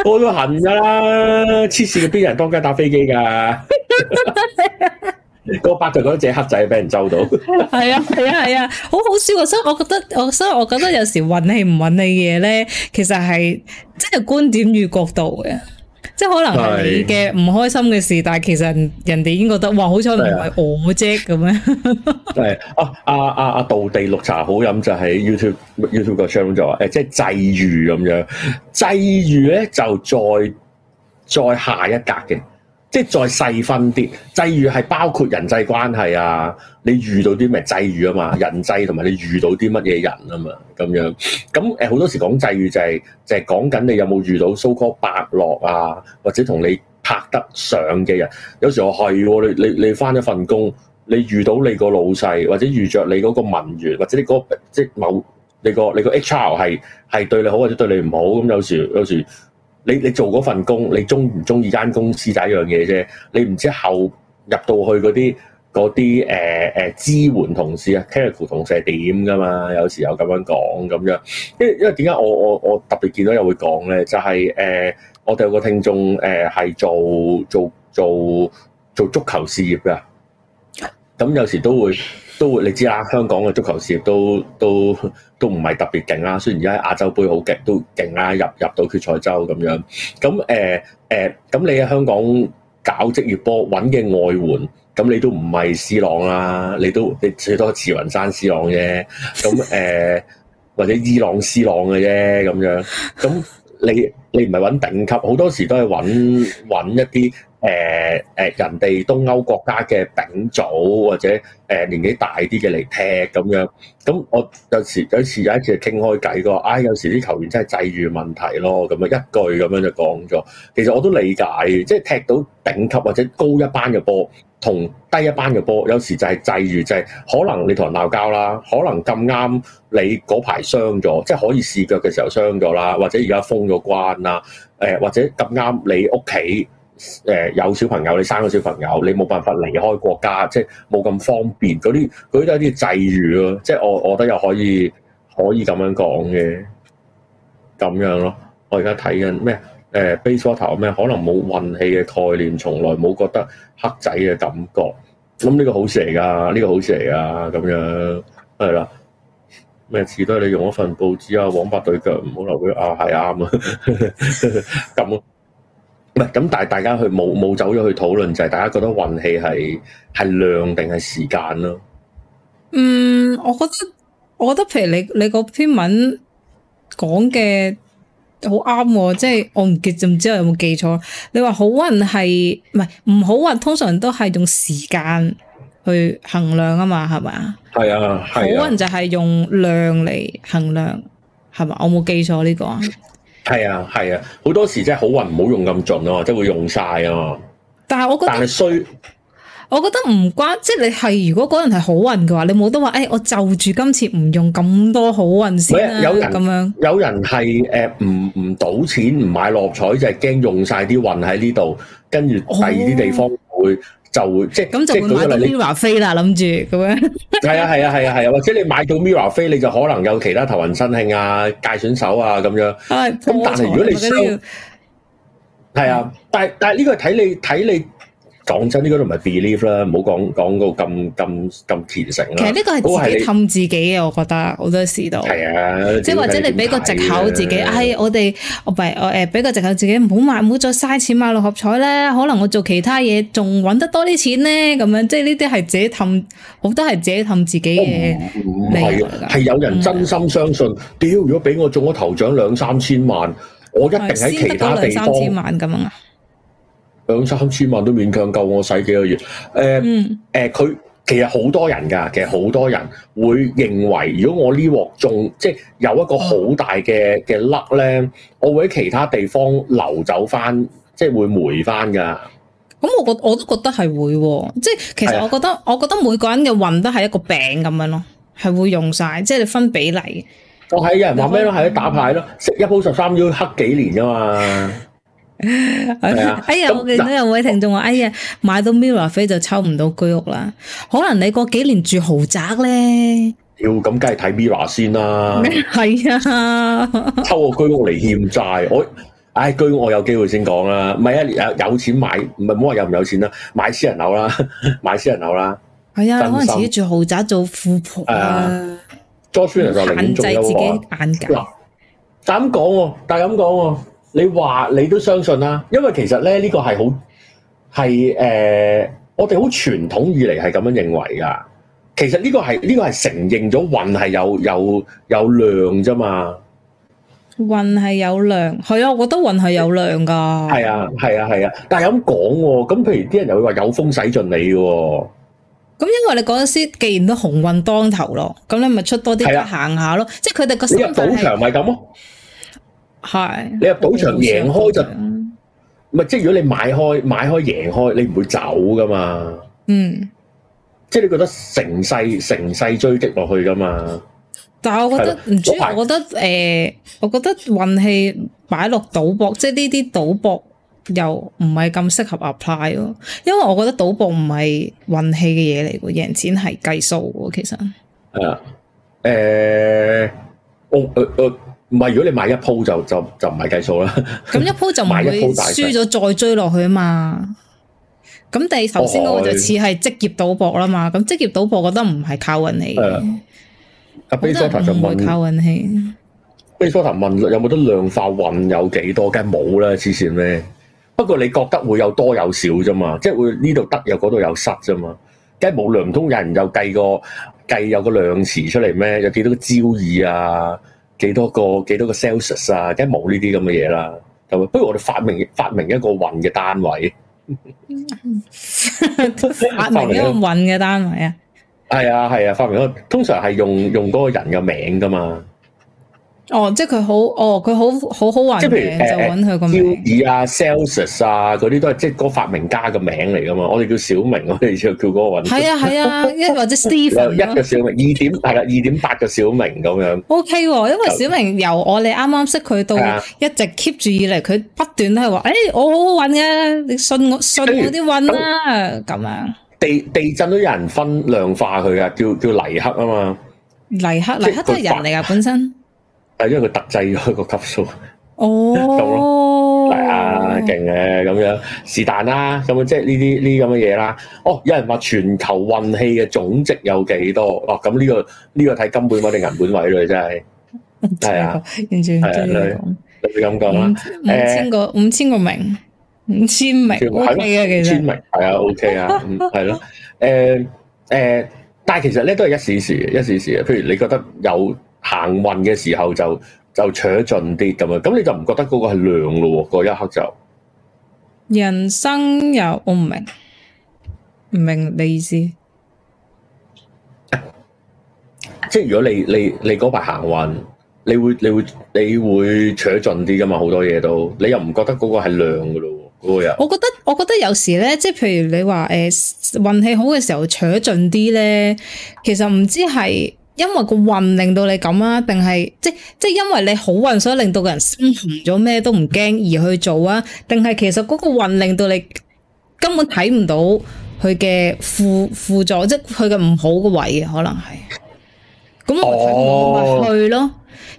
我都痕噶啦，黐線嘅，邊有人當街搭飛機噶？ 個八就講自己黑仔俾人咒到、啊，係啊係啊係啊，好好笑啊！所以我覺得，我所以我覺得有時運氣唔運氣嘅嘢咧，其實係即係觀點與角度嘅。即可能係你嘅唔開心嘅事，是但係其實人哋已經覺得，哇！好彩唔係我啫咁樣。係的 啊，阿、啊啊、道地綠茶好飲就喺、是、you YouTube YouTube 個 channel 即係際遇咁樣，際遇咧就再再下一格嘅。即係再細分啲，際遇係包括人際關係啊，你遇到啲咩際遇啊嘛，人際同埋你遇到啲乜嘢人啊嘛，咁樣咁誒好多時講際遇就係就係講緊你有冇遇到蘇哥伯樂啊，或者同你拍得上嘅人，有時候我係喎，你你你返一份工，你遇到你個老細，或者遇着你嗰個文員，或者你嗰即係某你個你個 HR 係係對你好或者對你唔好，咁有時有時。你你做嗰份工，你中唔中意間公司第一樣嘢啫？你唔知後入到去嗰啲啲誒誒支援同事啊，technical 同事係點噶嘛？有時候咁樣講咁樣，因為因為點解我我我特別見到又會講咧？就係、是、誒、呃，我哋有個聽眾誒係、呃、做做做做足球事業嘅，咁有時候都會。都你知啦，香港嘅足球事業都都都唔係特別勁啦。雖然而家亞洲杯好勁，都勁啦，入入到決賽周咁樣。咁咁、呃呃、你喺香港搞職業波，揾嘅外援，咁你都唔係斯朗啦，你都你最多慈雲山斯朗啫。咁、呃、或者伊朗斯朗嘅啫咁樣。咁你你唔係揾頂級，好多時都係揾揾一啲。誒人哋東歐國家嘅丙組或者誒年紀大啲嘅嚟踢咁樣。咁我有時有時有一次傾開偈，講、啊、唉，有時啲球員真係際遇問題咯。咁啊一句咁樣就講咗。其實我都理解，即、就、係、是、踢到頂級或者高一班嘅波，同低一班嘅波，有時就係際遇，就係、是、可能你同人鬧交啦，可能咁啱你嗰排傷咗，即、就、係、是、可以試腳嘅時候傷咗啦，或者而家封咗關啦，誒或者咁啱你屋企。誒有小朋友，你生個小朋友，你冇辦法離開國家，即係冇咁方便。嗰啲嗰啲都係啲制約咯。即係我，我覺得又可以可以咁樣講嘅，咁樣咯。我而家睇緊咩？誒，Baseball 有咩？可能冇運氣嘅概念，從來冇覺得黑仔嘅感覺。咁呢個好蛇嚟㗎，呢、呢個好蛇嚟㗎，咁樣係啦。咩事都係你用一份報紙啊，黃八對腳唔好留佢啊，係啱啊，咁 唔係咁，但係大家去冇冇走咗去討論，就係大家覺得運氣係係量定係時間咯。嗯，我覺得我覺得，譬如你你嗰篇文講嘅好啱喎，即係我唔記就唔知我有冇記錯。你話好運係唔係唔好運，通常都係用時間去衡量啊嘛，係咪啊？係啊，好運就係用量嚟衡量，係咪？我冇記錯呢個啊。係啊，係啊，好多時即係好運唔好用咁盡啊，即係會用晒啊。但係我但係衰，我覺得唔關，即係你係如果嗰人係好運嘅話，你冇得話，誒、哎，我就住今次唔用咁多好運先啦。咁樣、欸、有人係誒，唔唔賭錢唔買六合彩，就係、是、驚用晒啲運喺呢度，跟住第二啲地方會。哦就會即係買 Mirror 飛啦，諗住咁樣。係 啊係啊係啊係啊，啊，或者你買到 Mirror 飛，你就可能有其他頭暈身慶啊、界損手啊咁樣。咁、哎、但係彩如果你需要，係啊，嗯、但係但係呢個睇你睇你。睇你講真，呢、個都唔係 belief 啦，唔好講講到咁咁咁虔誠啦。其實呢個係自己氹自己嘅，我覺得好多時都係啊，即係或者你俾個借口自己，唉、啊哎，我哋係我誒俾、呃、個借口自己，唔好買，唔好再嘥錢買六合彩咧。可能我做其他嘢仲搵得多啲錢咧，咁樣即係呢啲係自己氹，好多係自己氹自己嘅。唔係係有人真心相信，屌、嗯、如果俾我中咗頭獎兩三千萬，嗯、我一定喺其他地方。先得兩三千萬咁啊！兩三千萬都勉強夠我使幾個月。誒、呃、誒，佢其實好多人㗎，其實好多，多人會認為，如果我呢鑊仲即係有一個好大嘅嘅粒咧，我會喺其他地方流走翻，即係會霉翻㗎。咁、嗯、我我我都覺得係會、啊，即係其實我覺得、啊、我覺得每個人嘅運都係一個餅咁樣咯，係會用晒。即係分比例。我係有人話咩咯？係打牌咯，食、嗯、一鋪十三要黑幾年㗎嘛。哎呀，啊嗯、我見到有位聽眾話，啊、哎呀，買到 mirror 飛就抽唔到居屋啦。可能你過幾年住豪宅咧？要咁，梗係睇 mirror 先啦。係啊，啊抽個居屋嚟欠債。我，唉、哎，居屋我有機會先講啦。咪一年有錢買，唔係唔好話有唔有錢啦，買私人樓啦，買私人樓啦。係啊、哎，可能自己住豪宅做富婆啊。多出嚟就限制自己眼界。膽講但係咁講喎。你話你都相信啦，因為其實咧呢個係好係誒，我哋好傳統以嚟係咁樣認為噶。其實呢個係呢個係承認咗運係有有有量啫嘛。運係有量，係啊，我覺得運係有量噶。係啊，係啊，係啊，但係咁講喎，咁譬如啲人又會話有風使盡你嘅。咁因為你嗰陣時既然都鴻運當頭咯，咁你咪出多啲行下咯，的即係佢哋個賭場咪咁咯。係是你入賭場贏開就唔係，即係如果你買開買開贏開你唔會走噶嘛，嗯，即係你覺得成世成世追擊落去噶嘛？但係我覺得唔的知排我覺得，呃，我覺得誒，我覺得運氣擺落賭博，即係呢啲賭博又唔係咁適合 apply 咯，因為我覺得賭博唔係運氣嘅嘢嚟，贏錢係計數嘅，其實係啊，誒，呃，我。呃唔係，如果你買一鋪就就就唔係計數啦。咁一鋪就唔會輸咗再追落去啊嘛。咁但係頭先嗰個就似係職業賭博啦嘛。咁職業賭博覺得唔係靠運氣。阿 Basota 就唔會靠運氣，Basota 問有冇得量化運有幾多？梗係冇啦，黐線咩？不過你覺得會有多有少啫嘛？即係會呢度得有嗰度，有失啫嘛？梗係冇量，唔通有人又計個計有個量詞出嚟咩？有幾多個焦耳啊？幾多個幾多個 sales 啊，梗係冇呢啲咁嘅嘢啦，就不如我哋發明發明一個運嘅單位，發明一個運嘅單位 啊，係啊係啊，發明一個通常係用用嗰個人嘅名㗎嘛。哦，即係佢好，哦，佢好好好運。即係譬如誒 Bill 啊、Sales 啊嗰啲都係即係嗰個發明家嘅名嚟噶嘛，我哋叫小明，我哋就叫嗰個運。係啊係啊，一或者 Steve。一個小明，二點係啦，二點八個小明咁樣。O K，因為小明由我哋啱啱識佢到一直 keep 住以嚟，佢不斷都係話，誒，我好好運嘅，你信我，信我啲運啦，咁樣。地地震都有人分量化佢啊，叫叫黎克啊嘛。黎克黎克都係人嚟噶，本身。啊！因為佢特製咗一個級數哦，係啊， 勁嘅咁樣是但啦，咁樣即係呢啲呢啲咁嘅嘢啦。哦，有人話全球運氣嘅總值有幾多？哦，咁呢、呢個呢、呢個睇金本位定銀本位咯，真係係啊， 對吧，完全係啊，你咁講啦，五千個五千個名五千名係咯，實對吧五千名係啊 ，OK 啊，係咯，誒誒，但係其實咧都係一時時一時時嘅。譬如你覺得有。行運嘅時候就就扯盡啲咁啊，咁你就唔覺得嗰個係量咯？嗰一刻就人生又我唔明，唔明你意思。即係如果你你你嗰排行運，你會你會你會扯盡啲噶嘛？好多嘢都，你又唔覺得嗰個係量噶咯？嗰日我覺得我覺得有時咧，即係譬如你話誒運氣好嘅時候扯盡啲咧，其實唔知係。因為個運令到你咁啊，定係即即因為你好運，所以令到個人心雄咗，咩都唔驚而去做啊？定係其實嗰個運令到你根本睇唔到佢嘅副作用，即佢嘅唔好嘅位可能係，咁我咪、哦、去咯。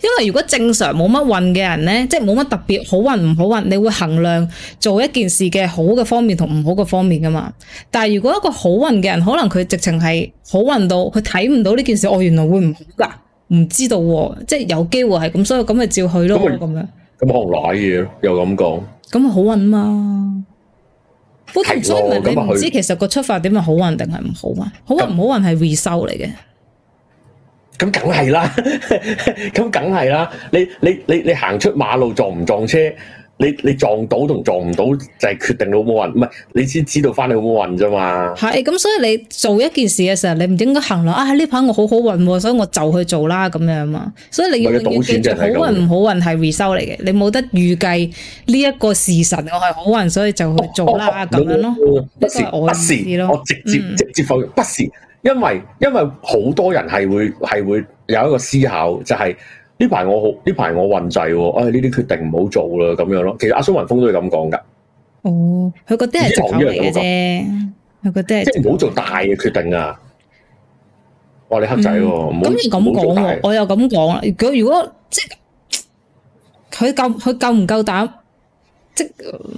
因為如果正常冇乜運嘅人咧，即係冇乜特別好運唔好運，你會衡量做一件事嘅好嘅方面同唔好嘅方面噶嘛。但係如果一個好運嘅人，可能佢直情係好運到，佢睇唔到呢件事，我、哦、原來會唔好噶，唔知道、啊，即係有機會係咁，所以咁咪照去咯。咁麼樣咁學奶嘢咯，又咁講。咁好運啊嘛，咁所以你唔知其實個出發點係好運定係唔好運？好運唔那好運係回收嚟嘅。咁梗係啦，咁梗係啦。你你你你行出馬路撞唔撞車？你你撞到同撞唔到就係決定好冇運，唔係你先知道返你好冇運啫嘛。係，咁所以你做一件事嘅時候，你唔應該行落啊，呢排我好好運，所以我就去做啦咁樣啊嘛。所以你要記住就好運唔好運係 result 嚟嘅，你冇得預計呢一個時辰我係好運，所以就去做啦咁、哦哦哦、樣咯。哦、不時是我，不是，我直接、嗯、直接否，不是。因為因為好多人係會係會有一個思考，就係呢排我好呢排我運滯，呢、哎、啲決定唔好做啦咁樣咯。其實阿蘇民峰都係咁講噶。哦，佢個都係防守嚟嘅啫，佢個都係即係唔好做大嘅決定啊！哇、嗯哦，你黑仔喎，哦，咁你咁講，啊，我又咁講啦。佢如果即係佢夠佢夠唔夠膽，即係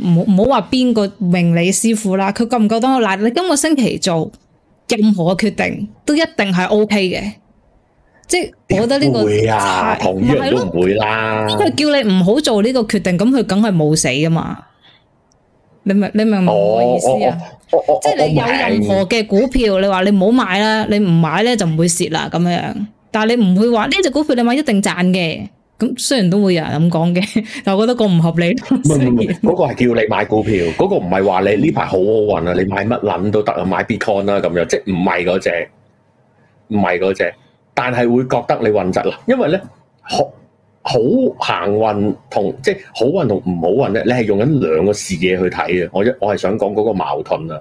唔好唔好話邊個命理師傅啦。佢夠唔夠膽？嗱，你今個星期做。任何嘅決定都一定係 O K 嘅，即係我覺得呢個唔會啊，同樣都唔會啦。佢叫你唔好做呢個決定，咁佢梗係冇死噶嘛。你明你明唔明我嘅意思啊？即係你有任何嘅股票，你話你唔好買啦，你唔買咧就唔會蝕啦咁樣。但係你唔會話呢隻股票你買一定賺嘅。咁雖然都會有人咁講嘅，但我覺得個唔合理。唔唔，嗰個係叫你買股票，嗰 個唔係話你呢排好好運啊，你買乜撚都得啊，買 Bitcoin 啦咁樣，即係唔係嗰隻，唔係嗰隻，但係會覺得你運滯啦。因為咧，好好行運同即係好運同唔好運咧，你係用緊兩個視野去睇嘅。我一我係想講嗰個矛盾啊。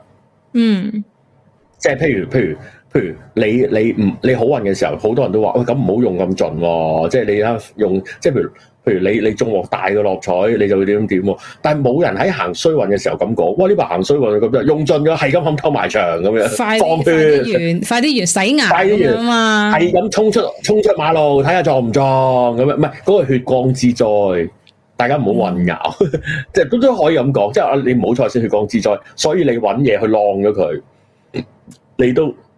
嗯，即係譬如譬如。譬如譬如你你唔你好運嘅時候，好多人都話，喂，咁唔好用咁盡喎，即係你啊用即係譬如譬如你你中鑊大到樂彩，你就會點點點喎，但係冇人喺行衰運嘅時候咁講，哇，呢排行衰運咁樣用盡咗係咁冚偷埋牆咁樣，放血快啲完，放血快啲完，洗牙，快啲完嘛，係咁衝出衝出馬路，睇下撞唔撞咁樣。唔係嗰個血光之災，大家唔好混淆，即係都都可以咁講，即係啊你唔好再先血光之災，所以你揾嘢去浪咗佢，你都。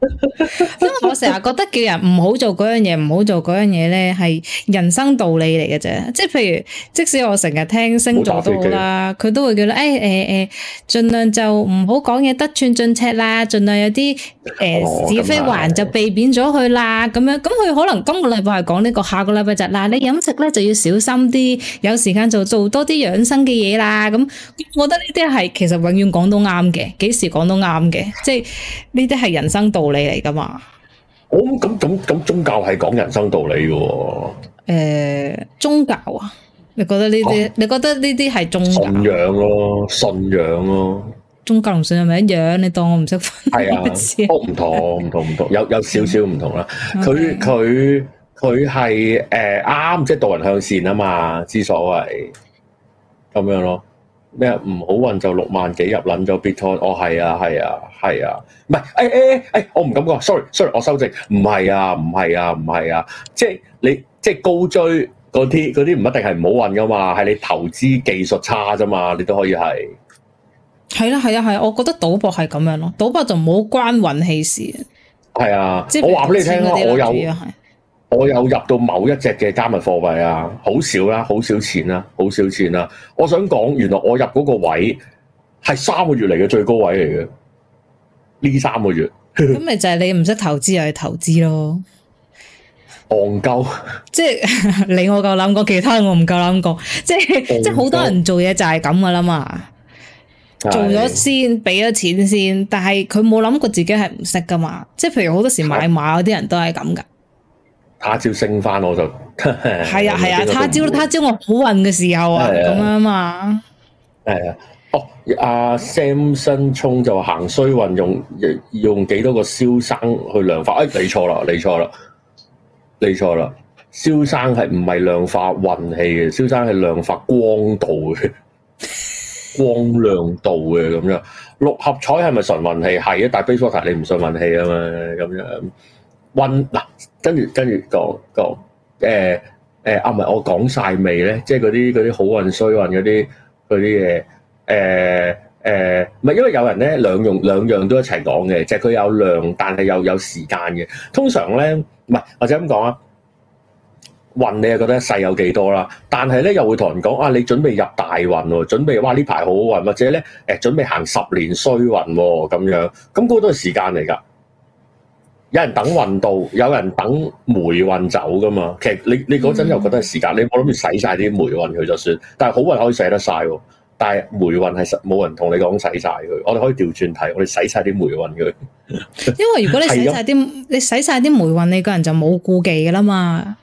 因為我成日覺得叫人唔好做嗰樣嘢，唔好做嗰樣嘢咧，係人生道理嚟嘅啫。即係譬如，即使我成日聽星座都好啦，佢都會叫你，誒誒誒，盡量就唔好講嘢，得寸進尺啦。盡量有啲誒是非還就避免咗佢啦。咁樣咁佢可能今個禮拜係講呢個，下個禮拜就嗱，你飲食咧就要小心啲，有時間就做多啲養生嘅嘢啦。咁我覺得呢啲係其實永遠講都啱嘅，幾時講都啱嘅。即係呢啲係人生道理。道理嚟噶嘛？我咁咁咁宗教係講人生道理嘅，啊。誒，宗教啊，你覺得呢啲？哦，你覺得呢啲係宗教？信仰咯，啊，信仰咯，啊。宗教同信仰咪一樣？你當我唔識分？係啊，唔 同唔同唔同，有有少少唔同啦。佢佢佢係誒啱，即係導人向善啊嘛，之所謂咁樣咯。咩唔好運就六萬幾入捻咗 Bitcoin 哦，係啊，係啊，係啊。唔係，誒誒誒，我唔敢講 sorry sorry 我收正。唔係啊，唔係啊，唔係啊，即係你即係高追嗰啲嗰啲，唔一定係唔好運噶嘛，係你投資技術差啫嘛，你都可以係。係啦，係啊，係啊，啊我覺得賭博係咁樣咯，賭博就唔好關運氣事。係啊，即係我話俾你聽啦我有。我有入到某一隻嘅加密貨幣啊，好少啦，好少錢啦，好少錢啦。我想講，原來我入嗰個位係三個月嚟嘅最高位嚟嘅呢三個月。咁咪就係你唔識投資又去投資咯，戇鳩豆，即係 你我夠諗過，其他人我唔夠諗過，即係即係好多人做嘢就係咁噶啦嘛，是做咗先，俾咗錢先，但係佢冇諗過自己係唔識噶嘛，即係譬如好多時買馬嗰啲人都係咁噶。他朝升翻我就係 啊係啊，啊！他朝, 他，朝他朝我好運嘅時候啊，咁樣嘛係啊！哦，阿、啊、Sam 新聰就話行衰運用用幾多個蕭生去量化？誒、哎，你錯啦，你錯啦，你錯啦！蕭生係唔係量化運氣嘅？蕭生係量化光度嘅 光亮度嘅咁樣。六合彩係咪純運氣？係啊，但 baseball 你唔信運氣啊嘛，咁樣。運嗱，跟住跟住講講誒誒啊，唔係我講晒未咧？即係嗰啲啲好運衰運嗰啲啲嘢誒誒，唔係、欸欸、因為有人咧兩用兩樣都一齊講嘅，即係佢有量，但係又有時間嘅。通常咧，唔係或者咁講啊，運你又覺得勢有幾多啦？但係咧又會同人講啊，你準備入大運喎，準備哇呢排好運，或者咧誒準備行十年衰運咁樣，咁嗰個都係時間嚟㗎。有人等運到，有人等霉運走噶嘛？其實你你嗰陣又覺得係時間，嗯、你我諗住使晒啲霉運佢就算，但係好運可以使得晒喎。但係霉運係冇人同你講使晒佢，我哋可以調轉睇，我哋使晒啲霉運佢。 因為如果你使晒啲，的你使曬啲霉運，你個人很危 就冇顧忌噶啦嘛。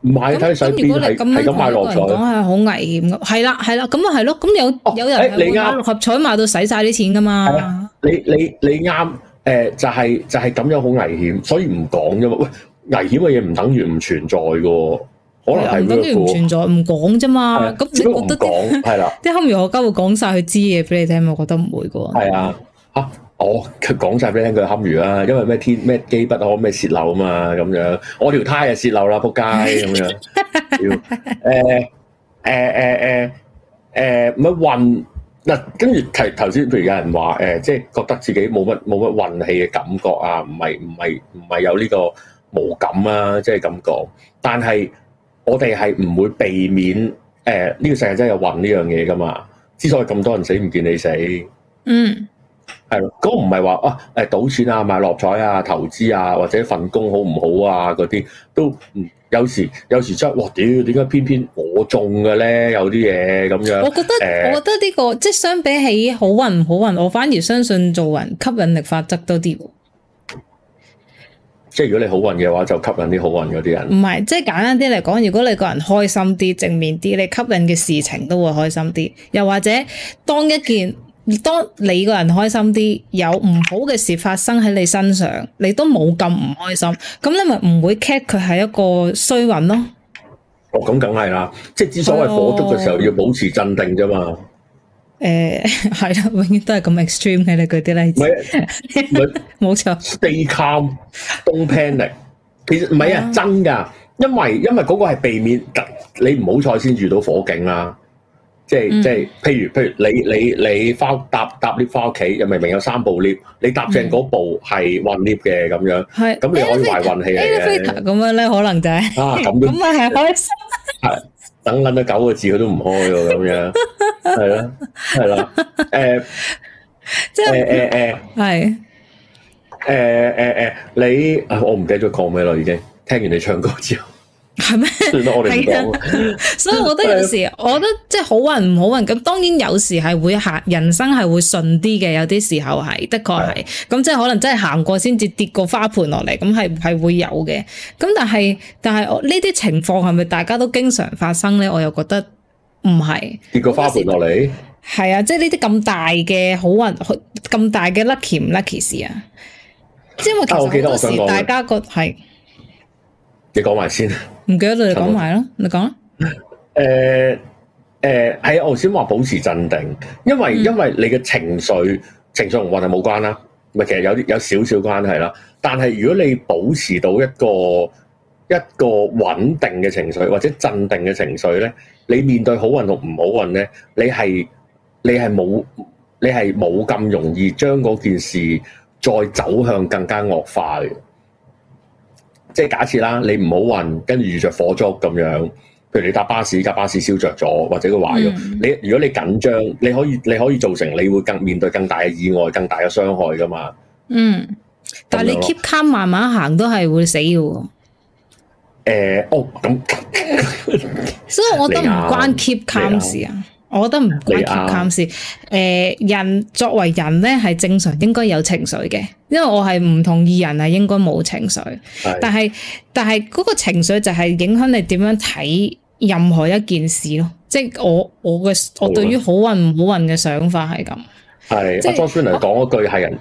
唔係睇使邊啊？咁咁買六合彩係好危險嘅。係啦，係啦，咁啊係咯。咁有有人係買六合彩買到使晒啲錢噶嘛？你你你啱。誒、呃，就係、是、就係、是、咁樣好危險，所以唔講啫嘛。喂，危險嘅嘢，唔等於唔存在噶，是的可能係唔、那個、等於唔存在，唔講啫嘛。咁如果唔講，係啦。啲堪輿我家會講晒佢知嘢俾你聽，我覺得唔會噶。係的啊，吓我佢講晒俾你聽佢堪輿啊，因為咩天咩機不可咩泄漏啊嘛咁樣，我條胎又泄漏啦，仆街咁樣。要誒誒誒誒誒，唔係運。欸欸欸不運嗱，跟住提頭先，譬如有人話誒，即係覺得自己冇乜冇乜運氣嘅感覺啊，唔係唔係唔係有呢個無感啊，即係咁講。但係我哋係唔會避免誒呢個世界真係有運呢樣嘢噶嘛。之所以咁多人死唔見你死，嗯。係咯，唔係話啊，誒賭錢啊、買六合彩啊、投資啊，或者份工好唔好啊，嗰啲都、嗯、有時有時真係，哇屌！點解偏偏我中嘅咧？有啲嘢咁樣。我覺得，哎、我覺得呢、這個即係相比起好運唔好運，我反而相信做人吸引力法則多啲。即係如果你好運嘅話，就吸引啲好運嗰啲人。唔係，即係簡單啲嚟講，如果你個人開心啲、正面啲，你吸引嘅事情都會開心啲。又或者當一件。嗯嗯當你個人開心啲，有唔好嘅事發生喺你身上，你都冇咁唔開心，咁你咪唔會 catch 佢係一個衰運咯。哦，咁梗係啦，即係之所謂火燭嘅時候要保持鎮定啫嘛。誒，係啦，永遠都係咁 extreme 嘅咧，嗰啲例子。唔係，冇錯，stay calm，don't panic。其實唔係啊，真噶，因為因為嗰個係避免突你唔好彩先遇到火警啦。即係即係，譬如譬如，你你你翻搭搭 lift 翻屋企，又明明有三部 lift，你搭正嗰部係運 lift 嘅咁樣，咁你可以賴運氣嘅。咁樣咧，可能就係啊，咁都咁啊，係好等撚咗九個字，佢都唔開喎，咁樣係啦，係啦，誒，即係誒誒誒，係誒誒誒，你我唔記得咗講咩咯，已經聽完你唱歌之後。係咩？係是啊，但 所以我覺得有時，我覺得即係好運唔好運咁。當然有時係會行，人生係會順啲嘅。有啲時候係，的確係咁，是的 即係可能真係行過先至跌個花盆落嚟。咁係係會有嘅。咁但係但係呢啲情況係咪大家都經常發生咧？我又覺得唔係跌個花盆落嚟。係啊，即係呢啲咁大嘅好運，咁大嘅 lucky 唔 lucky 事啊？即係我其實有時大家覺係、啊、你講埋先。唔記得你講埋咯，你講啦。誒誒，係我先話保持鎮定，因為、嗯嗯、因為你嘅情緒情緒同運係冇關啦，咪其實有啲有少少關係啦。但係如果你保持到一個一個穩定嘅情緒或者鎮定嘅情緒咧，你面對好運同唔好運咧，你係你係冇你係冇咁容易將嗰件事再走向更加惡化嘅。即係假設啦，你唔好運，跟住遇著火燭咁樣，譬如你搭巴士，架巴士燒着咗，或者佢壞咗，嗯、你如果你緊張，你可以你可以造成你會更面對更大嘅意外、更大嘅傷害噶嘛。嗯，但係你 keep calm 樣慢慢行都係會死嘅喎、呃。哦，咁， 所以我都唔關 keep calm 啊啊事啊。我覺得唔關心事、呃。人作為人咧，係正常應該有情緒嘅。因為我係唔同意人係應該冇情緒的。但係，但係嗰個情緒就係影響你點樣睇任何一件事咯。即我，我嘅我對於好運、唔好運嘅想法係咁。係阿莊 Sir 嚟講嗰句係人，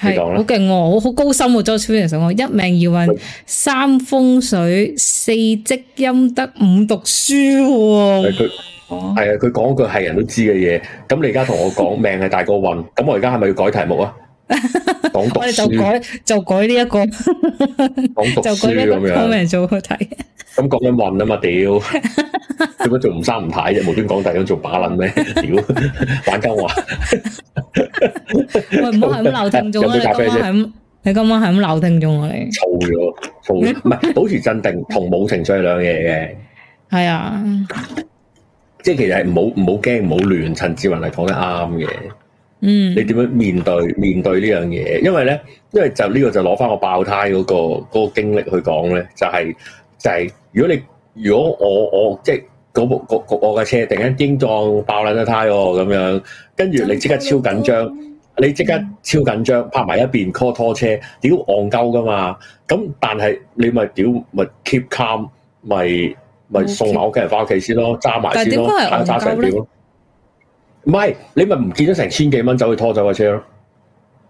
是你好勁！我好高深喎、啊，莊 Sir 嚟講，我一命二運的三風水四積陰德五讀書喎、啊。係啊，佢講、哦哦嗯、句係人都知嘅嘢，咁你而家同我講 命係大過運，咁我而家係咪要改題目啊？講讀 我哋就改就改呢、這、一個講 讀書咁樣，命做個題。咁講緊運啊嘛，屌， 做乜做唔生唔太？啫？無端講大樣做把撚咩？屌， 玩鳩我。喂，唔好係咁鬧聽眾啊！你今晚係咁，你今晚係咁鬧聽眾我哋？嘈咗嘈，唔係保持鎮定同冇情緒係兩嘢嘅。係啊、 哎。即係其實係唔好唔好驚，唔好亂，陳志雲嚟，講得啱嘅。嗯，你點樣面對面對呢樣嘢？因為咧，因為就呢個就攞翻我爆胎嗰個嗰個經歷去講咧，就係就係如果你如果我我即係嗰部嗰我架車突然間丁撞爆爛隻胎哦咁樣，跟住你即刻超緊張，你即刻超緊張，嗯、拍埋一邊 call 拖車，屌戇鳩噶嘛？咁但係你咪屌咪 keep calm 咪？咪送埋屋企人翻屋企先咯，揸埋先咯，睇下揸成點咯。唔係，你咪唔見咗成千幾蚊走去拖走架車咯。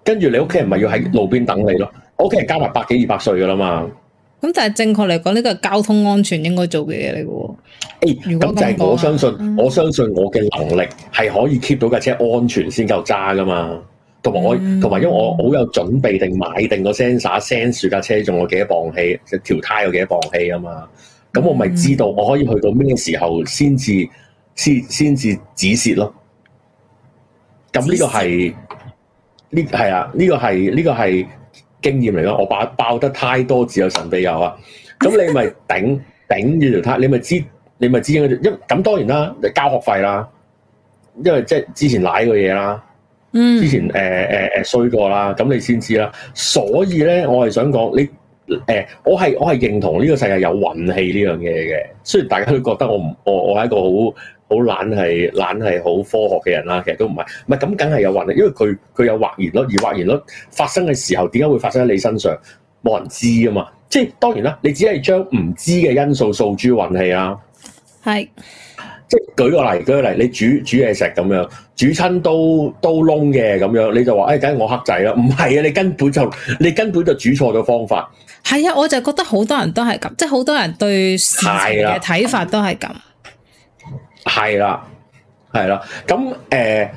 跟住你屋企人咪要喺路邊等你咯。我屋企人加埋百幾二百歲噶啦嘛。咁、嗯、但係正確嚟講，呢、這個係交通安全應該做嘅嘢嚟嘅。誒、欸，咁就係我相信，我相信我嘅能力係可以 keep 到架車安全先夠揸噶嘛。同埋我，同埋因為我好有準備定，定買定個 sensor sense 架車仲有幾多磅氣，條胎有幾多磅氣啊嘛。咁我咪知道，我可以去到咩時候先至先先至止蝕咯。咁呢個係呢係啊，呢、呢個係呢、呢個係經驗嚟咯。我爆爆得太多自有神秘有啊！咁你咪頂 頂呢條攤，你咪知你咪知因因咁當然啦，交學費啦，因為即係之前賴過嘢啦，嗯，之前誒誒誒衰過啦，咁你先知啦。所以咧，我係想講你。誒、欸，我係我係認同呢個世界有運氣呢樣嘢嘅。雖然大家都覺得我唔我我係一個好好懶係懶係好科學嘅人啦，其實都唔係唔係咁，梗係有運氣，因為佢佢有或然率，而或然率發生嘅時候點解會發生喺你身上，冇人知啊嘛。即係當然啦，你只係將唔知嘅因素訴諸運氣啦、啊，係的即係舉個例子舉個例子，你煮煮嘢食咁樣煮親都都燶嘅咁樣，你就話誒，梗、欸、係我黑仔啦，唔係啊，你根本就你根本就煮錯咗方法。係啊，我就覺得好多人都係咁，即係好多人對時事嘅睇法都係咁。係啦，係啦，咁誒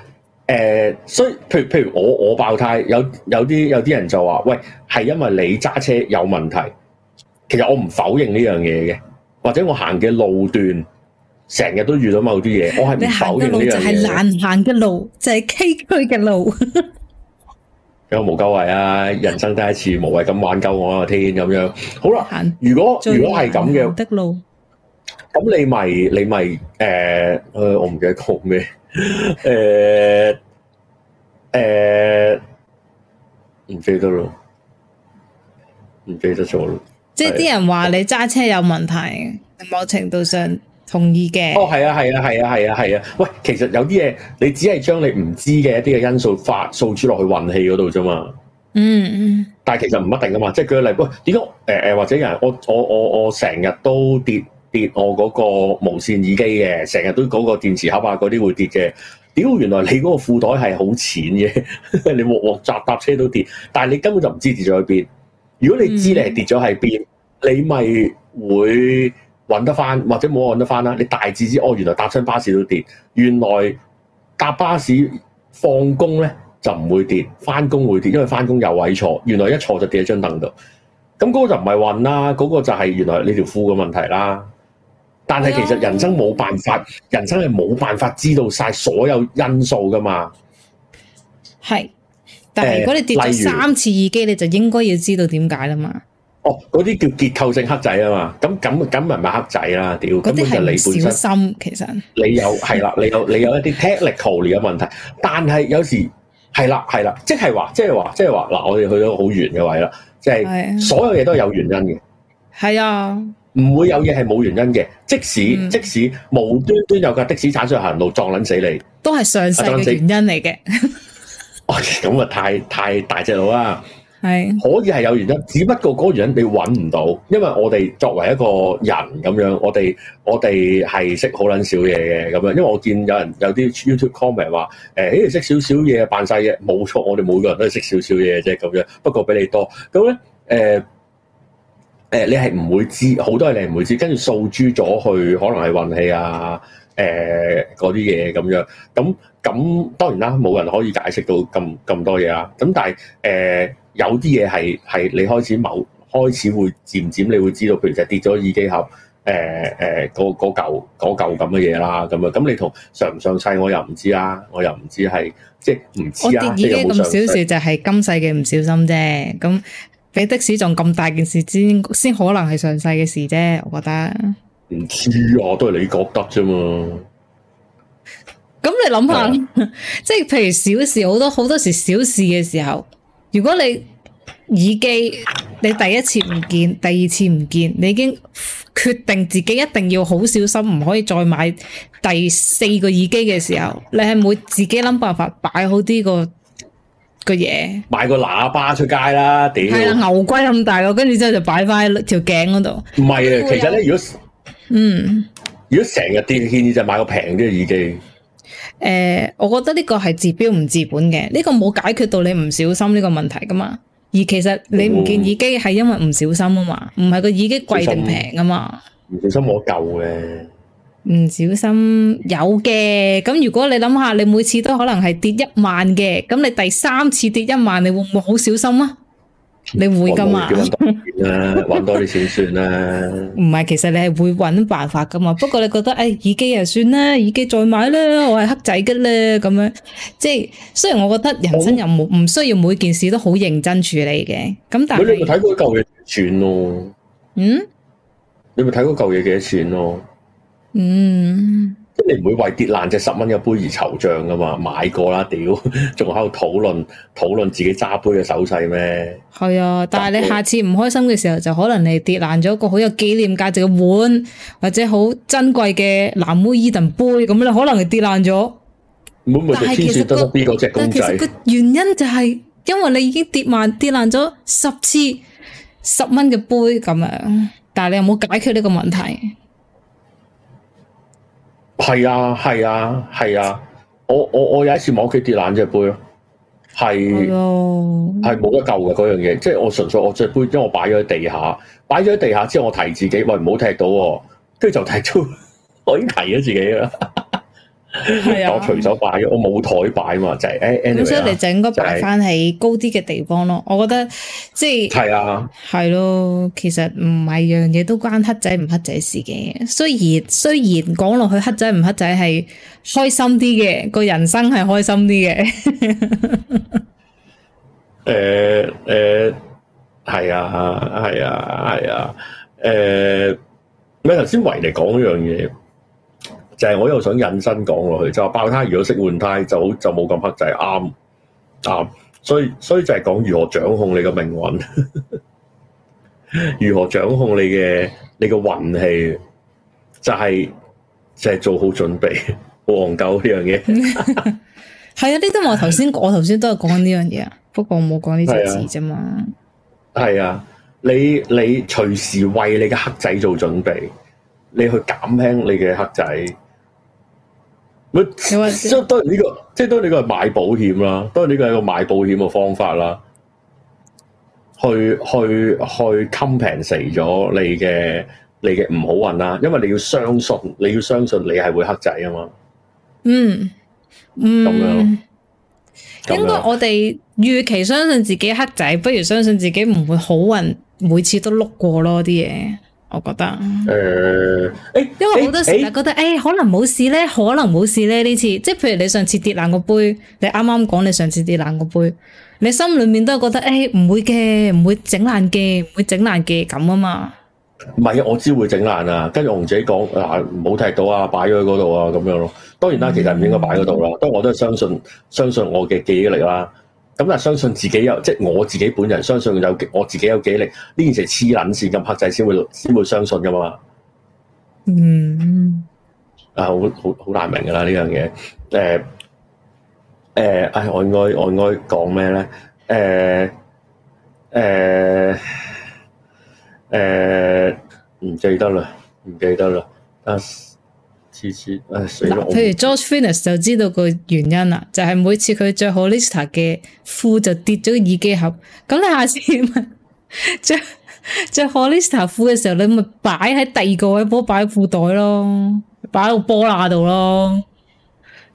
誒，所以，譬如譬如我我爆胎，有有啲有啲人就話，喂，係因為你揸車有問題。其實我唔否認呢樣嘢嘅，或者我行嘅路段，成日都遇到某啲嘢，我係唔否認呢樣嘢。難行嘅路就係崎嶇嘅路。就是 有無夠位啊？人生第一次，無謂咁挽救我啊！天咁樣，好啦，如果如果係咁嘅，咁你咪你咪誒、呃，我唔記得講咩誒誒，唔記得咯，唔記得咗咯。即係啲人話你揸車有問題，某程度上。同意嘅。哦，係啊，係啊，係啊，係啊，係啊。喂，其實有啲嘢，你只係將你唔知嘅一啲嘅因素，發訴諸落去運氣嗰度啫嘛。嗯嗯。但係其實唔一定噶嘛。即係舉個例，喂，點解誒誒，或者人我我我我成日都跌跌我嗰個無線耳機嘅，成日都嗰個電池盒啊，嗰啲會跌嘅。屌，原來你嗰個褲袋係好淺嘅，你鑊鑊雜搭車都跌。但係你根本就唔知跌咗喺邊。如果你知你係跌咗喺邊，你咪會。揾得翻，或者冇揾得翻啦。你大致知哦，原來搭親巴士都跌，原來搭巴士放工咧就唔會跌，翻工會跌，因為翻工有位坐。原來一坐就跌喺張凳度。咁、那、嗰個就唔係運啦，嗰、那個就係原來你條褲嘅問題啦。但係其實人生冇辦法，啊、人生係冇辦法知道晒所有因素噶嘛。係，但係如果你跌第三次耳機，呃、你就應該要知道點解啦嘛。哦，嗰啲叫結構性黑仔啊嘛，咁咁咁唔係黑仔啦，屌，根本就係你本身。小心其實你。 你有係啦，你有你有一啲 technical 嘅問題，但係有時係啦係啦，即係話即係話即係話嗱，我哋去咗好遠嘅位啦，即係所有嘢都有原因嘅。係啊，唔會有嘢係冇原因嘅，即使、嗯、即使無端端有架的士踩上行人路撞撚死你，都係上世嘅原因嚟嘅。死 哦，咁啊，太太大隻佬啊！係是可以係有原因，只不過嗰個原因你揾唔到，因為我哋作為一個人咁樣，我哋我哋係識好撚少嘢嘅咁樣。因為我見有人有啲 YouTube comment 話，誒，誒、欸、識少少嘢，扮晒嘢冇錯。我哋每個人都係識少少嘢啫咁樣，不過比你多咁咧。誒誒、欸欸，你係唔會知好多嘢，你唔會知跟住掃諸咗去，可能係運氣啊，誒嗰啲嘢咁樣咁咁，當然啦，冇人可以解釋到咁咁多嘢啦。咁但係誒。欸有啲嘢係係你開始某開始會漸漸你會知道，譬如就跌咗耳機盒，誒、欸、誒，嗰嗰嚿嗰嚿咁嘅嘢啦，咁咁、嗰個嗰個嗰個、你同上唔上世我又唔知啦，我又唔知係即係唔知啊！跌耳機咁小事就係今世嘅唔小心啫，咁俾的士仲咁大件事先先可能係上世嘅事啫，我覺得唔知啊，都係你覺得啫嘛。咁你諗下，的 即係譬如小事好多好多時小事嘅時候。如果你耳機你第一次唔見，第二次唔見，你已經決定自己一定要好小心，唔可以再買第四個耳機嘅時候，你係唔會自己諗辦法擺好啲個個嘢，買個喇叭出街啦，點樣？係啊，牛龜咁大個，跟住之後就擺翻條頸嗰度。唔係啊，有其實咧，如果嗯，如果成日戴建議就買個平啲嘅耳機。誒、呃，我覺得呢個係治標唔治本嘅，呢、這個冇解決到你唔小心呢個問題㗎嘛。而其實你唔見耳機係因為唔小心啊嘛，唔係個耳機貴定平啊嘛。唔小心冇得救嘅，唔小心，小心有嘅。咁如果你諗下，你每次都可能係跌一萬嘅，咁你第三次跌一萬，你會唔會好小心啊？你會噶嘛？算啦，搵多啲錢算啦。唔係，其實你係會搵辦法噶嘛？不過你覺得，誒、哎，耳機就，算啦，耳機再買啦，我係黑仔嘅咧，咁樣。即係雖然我覺得人生又冇唔需要每件事都好認真處理嘅。咁但係你咪睇過舊嘢轉咯。嗯？你咪睇過舊嘢幾多錢咯。嗯。即你唔會為跌爛隻十蚊嘅杯而惆悵噶嘛？買過啦，屌，仲喺度討論討論自己揸杯嘅手勢咩？係啊，但係你下次唔開心嘅時候，就可能你跌爛咗個好有紀念價值嘅碗，或者好珍貴嘅藍莓伊頓杯，咁你可能你跌爛咗。但係其實個但係其實個原因就係，因為你已經跌爛跌爛咗十次十蚊嘅杯咁樣，但係你有冇解決呢個問題？係啊，係啊，係啊，啊！我我我有一次喺屋企跌爛隻杯咯，係係冇得救嘅嗰樣嘢，即係我純粹我隻杯，因為我擺咗喺地下，擺咗喺地下之後，我提自己喂唔好踢、哦、踢到，跟住就踢到，我已經提咗自己啦。 係啊， 我隨手擺，我冇台擺嘛，就係誒。咁、anyway, 所以你就應該擺翻喺高啲嘅地方咯。就是、我覺得即係係啊，係咯。其實唔係樣嘢都關黑仔唔黑仔事嘅。雖然雖然講落去，黑仔唔黑仔係開心啲嘅，個人生係開心啲嘅。誒 誒、呃，係啊係啊係啊，誒、啊啊啊呃，你頭先 VVN 講嗰樣嘢。但我又想引申講落去，就話爆胎，如果識換胎就就冇咁黑仔，啱啱，所以所以就係講如何掌控你嘅命運， 如何掌控你嘅你嘅運氣，就係、是、就係、是、做好準備，黃狗呢樣嘢，係啊，呢啲我頭先我頭先都係講緊呢樣嘢啊，不過我冇講呢隻字啫嘛，係啊，你你隨時為你嘅黑仔做準備，你去減輕你嘅黑仔。咁即係當然呢個，即係當然呢個係買保險啦，當然呢個係個買保險嘅、就是、方法啦，去去去 compensate 咗你嘅你嘅唔好運啦，因為你要相信，你要相信你係會黑仔啊嘛，嗯嗯，咁、嗯、樣，應該我哋預期相信自己黑仔，不如相信自己唔會好運，每次都碌過咯啲嘢。我覺得誒，因為好多時覺得誒，可能冇事咧，可能冇事咧呢次，即係譬如你上次跌爛個杯，你啱啱講你上次跌爛個杯，你心裏面都係覺得誒，唔會嘅，唔會整爛嘅，唔會整爛嘅咁啊嘛。唔係啊，我知會整爛啊，跟住我同自己講啊，唔好踢到啊，擺咗喺嗰度啊，咁樣咯。當然啦，其實唔應該擺喺度啦。當然我都係相信，相信我嘅記憶嚟啦。咁啊！相信自己有，即係我自己本人相信有，我自己有幾力呢件事黐捻事咁黑仔，先會先會相信噶嘛？嗯，啊，好好好難明噶啦呢樣嘢。誒誒，唉，我應該我應該講咩咧？誒誒誒，唔記得啦，唔記得啦。嗱，次哎、死譬如 George Finnis 就知道個原因啦，就係、是、每次佢着 Hollister 嘅褲就跌咗耳機盒。咁你下次咪着着 Hollister 褲嘅時候，你咪擺喺第二個位波，擺喺褲袋咯，擺喺個波罅度咯。